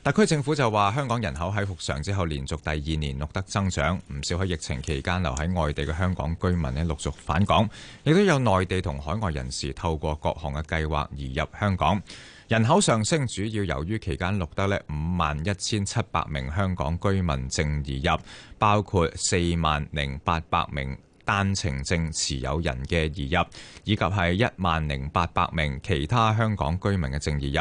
特區政府就話，香港人口喺復常之後，連續第二年錄得增長。唔少喺疫情期間留喺外地嘅香港居民呢，陸續返港，亦都有內地同海外人士透過各項嘅計劃移入香港。人口上升主要由於期間錄得咧五萬一千七百名香港居民淨移入，包括四萬零八百名單程證持有人嘅移入，以及係一萬零八百名其他香港居民嘅淨移入。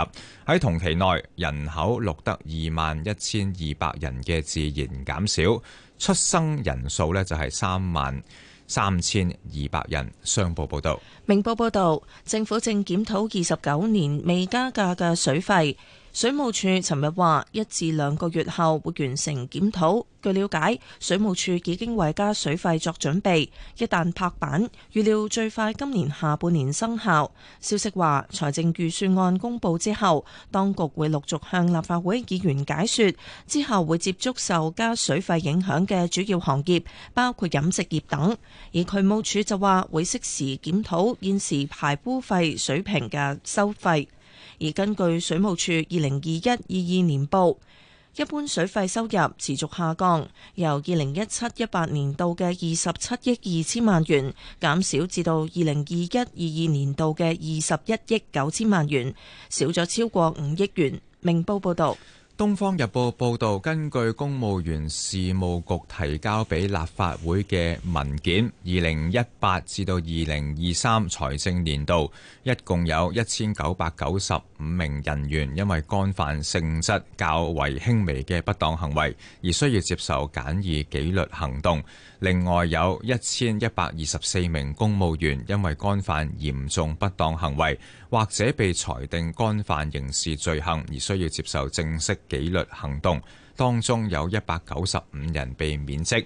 喺同期內，人口錄得二萬一千二百人嘅自然減少，出生人數咧就係三萬三千二百人。商報報道，明報報道，政府正檢討二十九年未加價嘅水費。水務署尋日話，一至兩個月後會完成檢討。據了解，水務署已經為加水費作準備，一旦拍板，預料最快今年下半年生效。消息話，財政預算案公佈之後，當局會陸續向立法會議員解説，之後會接觸受加水費影響嘅主要行業，包括飲食業等。而渠務署就話，會適時檢討現時排污費水平嘅收費。而根據水務署二零二一二二年報，一般水費收入持續下降，由二零一七一八年度嘅二十七億二千萬元減少至到二零二一二二年度嘅二十一億九千萬元，少咗超過五億元。明報報道。《東方日報》報導，根據公務員事務局提交俾立法會嘅文件，二零一八至到二零二三財政年度，一共有一千九百九十五名人員因為干犯性質較為輕微嘅不當行為而需要接受簡易紀律行動；另外有一千一百二十四名公務員因為干犯嚴重不當行為，或者被裁定干犯刑事罪行而需要接受正式紀律行動，當中有一百九十五人被免職。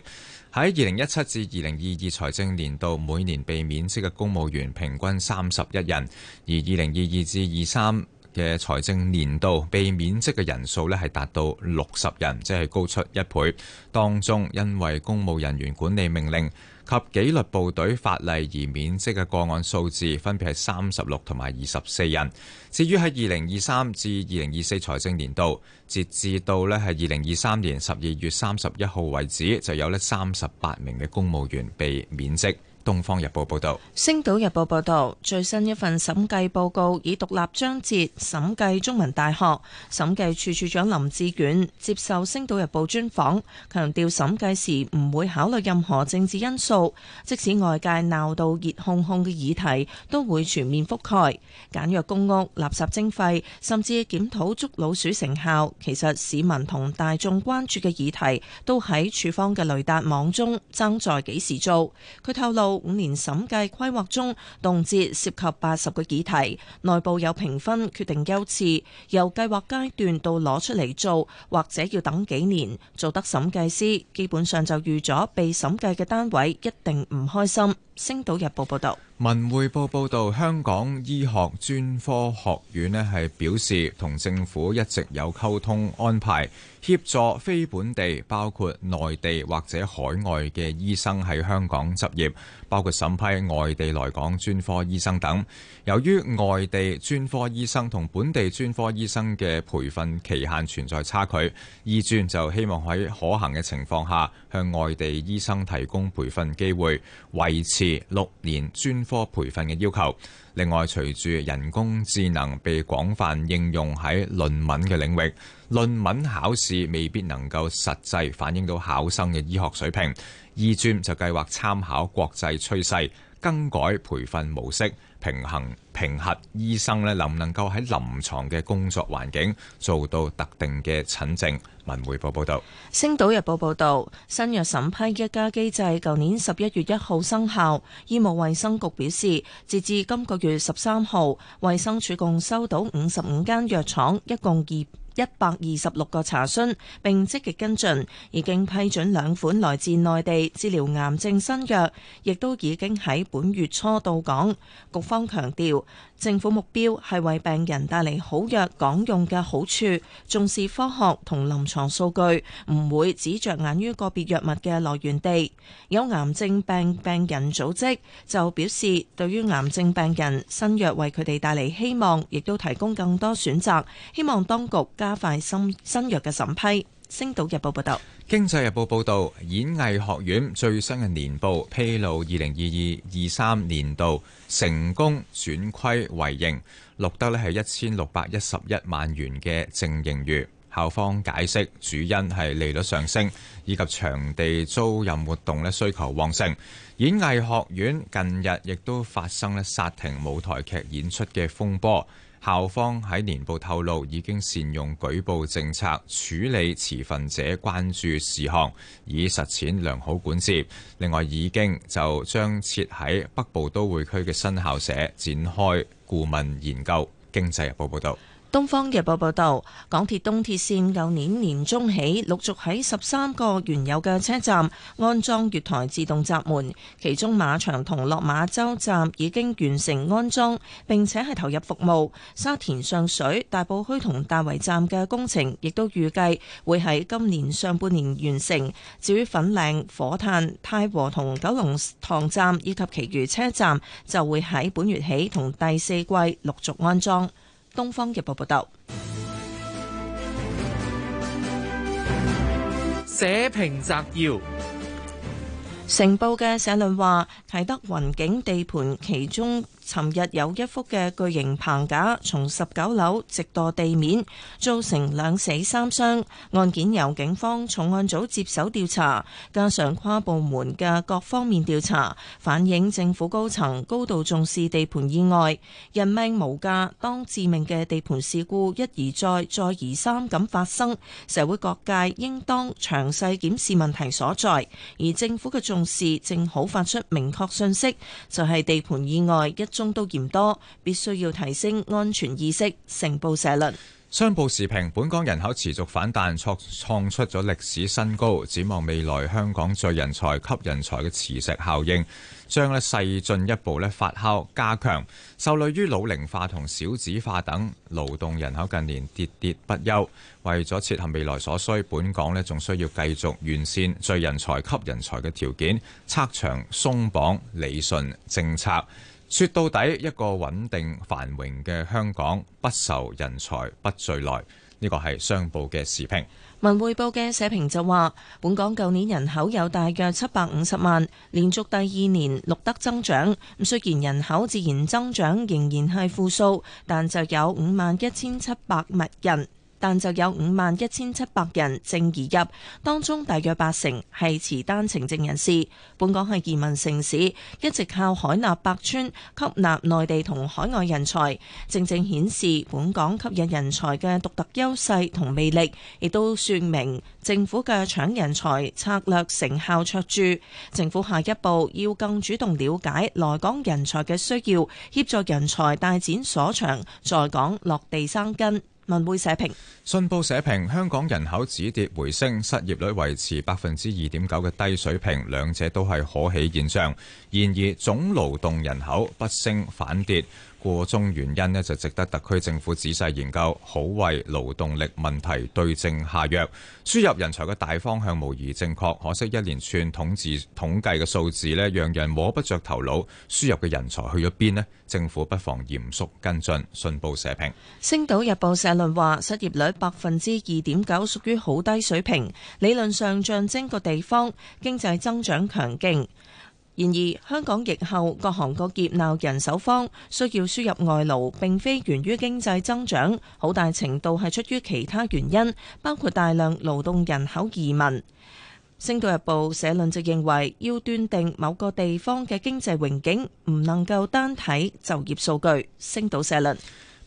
喺二零一七至二零二二財政年度，每年被免職嘅公務員平均三十一人，而二零二二至二三嘅財政年度被免職嘅人數咧，係達到六十人，即係高出一倍。當中因為公務人員管理命令。及紀律部隊法例而免職嘅個案數字分別係三十六同埋二十四人。至於喺二零二三至二零二四財政年度，截至到呢係二零二三年十二月三十一號為止，就有呢三十八名嘅公務員被免職。東方日報，報道》報導，《星島日報》報導，最新一份審計報告已獨立章截審計中文大學，審計處處長林志遠接受《星島日報》專訪，強調審計時唔會考慮任何政治因素，即使外界鬧到熱烘烘嘅議題，都會全面覆蓋。簡約公屋、垃圾徵費，甚至檢討捉老鼠成效，其實市民同大眾關注嘅議題，都喺處方嘅雷達網中爭在幾時做。佢透露。到五年審計規劃中，動輒涉及八十個議題，內部有評分決定優次，由計劃階段到攞出嚟做，或者要等幾年，做得審計師，基本上就預咗被審計嘅單位一定唔開心。星島日報報道，文匯報報道，香港醫學專科學院咧係表示，同政府一直有溝通安排，協助非本地，包括內地或者海外嘅醫生喺香港執業，包括審批外地來港專科醫生等。由於外地專科醫生同本地專科醫生嘅培訓期限存在差距，醫專就希望喺可行嘅情況下。向外地醫生提供培訓機會，維持六年專科培訓嘅要求。另外，隨住人工智能被廣泛應用喺論文嘅領域，論文考試未必能夠實際反映到考生嘅醫學水平。醫專就計劃參考國際趨勢，更改培訓模式。平衡平核醫生咧，能唔能夠喺臨床嘅工作環境做到特定嘅診症？文匯報報道，星島日報報道，新藥審批一家機制，舊年十一月一號生效。醫務衛生局表示，截至今個月十三號衛生署共收到五十五間藥廠一共二一百二十六個查詢，並積極跟進，已經批准兩款來自內地治療癌症新藥，亦都已經喺本月初到港。局。方強調，政府目標係為病人帶嚟好藥港用嘅好處，重視科學同臨床數據，唔會只着眼於個別藥物嘅來源地。有癌症病病人組織就表示，對於癌症病人，新藥為佢哋帶嚟希望，亦都提供更多選擇，希望當局加快新新藥嘅審批。星島日報報道，經濟日報報道，演藝學院最新嘅年報披露，二零二二二三年度成功轉虧為盈，錄得咧係一千六百一十一萬元嘅淨盈餘。校方解釋，主因係利率上升，以及場地租賃活動咧需求旺盛。演藝學院近日亦都發生咧煞停舞台劇演出嘅風波。校方喺年報透露，已經善用舉報政策處理持份者關注事項，以實踐良好管治。另外，已經就將設喺北部都會區嘅新校舍展開顧問研究。經濟日報報道。《東方日報》報導，港鐵東鐵線舊年年中起，陸續喺十三個原有嘅車站安裝月台自動閘門，其中馬場同落馬洲站已經完成安裝並且係投入服務。沙田上水、大埔墟同大圍站嘅工程亦都預計會喺今年上半年完成。至於粉嶺、火炭、太和同九龍塘站以及其餘車站，就會喺本月起同第四季陸續安裝。東方日報報道，社評摘要：成報嘅社論話，啟德雲景地盤其中。尋日有一幅嘅巨型棚架從十九樓直墮地面，造成兩死三傷。案件由警方重案組接手調查，加上跨部門嘅各方面調查，反映政府高層高度重視地盤意外。人命無價，當致命嘅地盤事故一而再、再而三咁發生，社會各界應當詳細檢視問題所在，而政府嘅重視正好發出明確信息，就係、是、地盤意外一。中都嫌多，必須要提升安全意識，成報社率。商報時評：本港人口持續反彈，創出咗歷史新高。展望未來，香港聚人才、吸人才嘅磁石效應將咧，勢進一步咧發酵加強。受累於老齡化同少子化等，勞動人口近年跌跌不休。為咗切合未來所需，本港咧仲需要繼續完善聚人才、吸人才嘅條件，拆牆鬆綁，理順政策。說到底，一個穩定繁榮嘅香港，不愁人才不聚來。呢個係商報嘅時評。文匯報嘅社評就話，本港舊年人口有大約七百五十萬，連續第二年錄得增長。咁雖然人口自然增長仍然係負數，但就有五萬一千七百萬人，但就有五萬一千七百人正移入，當中大約八成係持單程證人士。本港係移民城市，一直靠海納百川吸納內地同海外人才，正正顯示本港吸引人才嘅獨特優勢同魅力，亦都說明政府嘅搶人才策略成效卓著。政府下一步要更主動了解來港人才嘅需要，協助人才大展所長，在港落地生根。文匯社評。信報社評，香港人口止跌回升，失業率維持百分之二點九嘅低水平，兩者都係可喜現象。然而，總勞動人口不升反跌。過中原因咧，就值得特區政府仔細研究，好為勞動力問題對症下藥。輸入人才嘅大方向無疑正確，可惜一連串統治統計嘅數字呢，讓人摸不着頭腦。輸入嘅人才去咗邊呢？政府不妨嚴肅跟進，信報社評。《星島日報》社論話，失業率百分之二點九屬於好低水平，理論上象徵個地方經濟增長強勁。然而，香港疫後各行各業鬧人手荒，需要輸入外勞，並非源於經濟增長，好大程度係出於其他原因，包括大量勞動人口移民。星島日報社論就認為要斷定某個地方嘅經濟榮景唔能夠單睇就業數據。星島社論。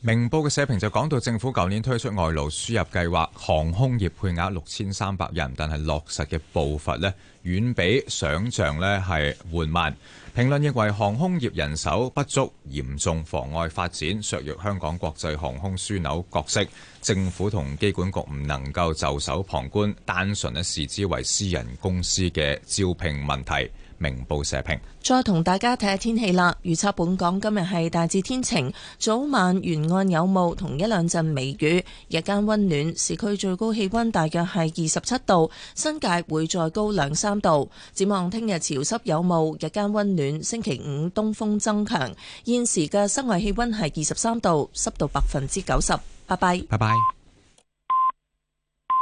明報嘅社評就講到，政府舊年推出外勞輸入計劃，航空業配額六千三百人，但係落實嘅步伐呢。遠比想象呢，係緩慢。評論認為航空業人手不足嚴重妨礙發展，削弱香港國際航空樞紐角色。政府同機管局唔能夠袖手旁觀，單純咧視之為私人公司嘅招聘問題。明報社評，再同大家睇下天氣啦。預測本港今日係大致天晴，早晚沿岸有霧，同一兩陣微雨，日間溫暖，市區最高氣溫大約係二十七度，新界會再高兩三度。展望聽日潮濕有霧，日間溫暖。星期五東風增強，現時嘅室外氣溫係二十三度，濕度百分之九十。拜拜。拜拜。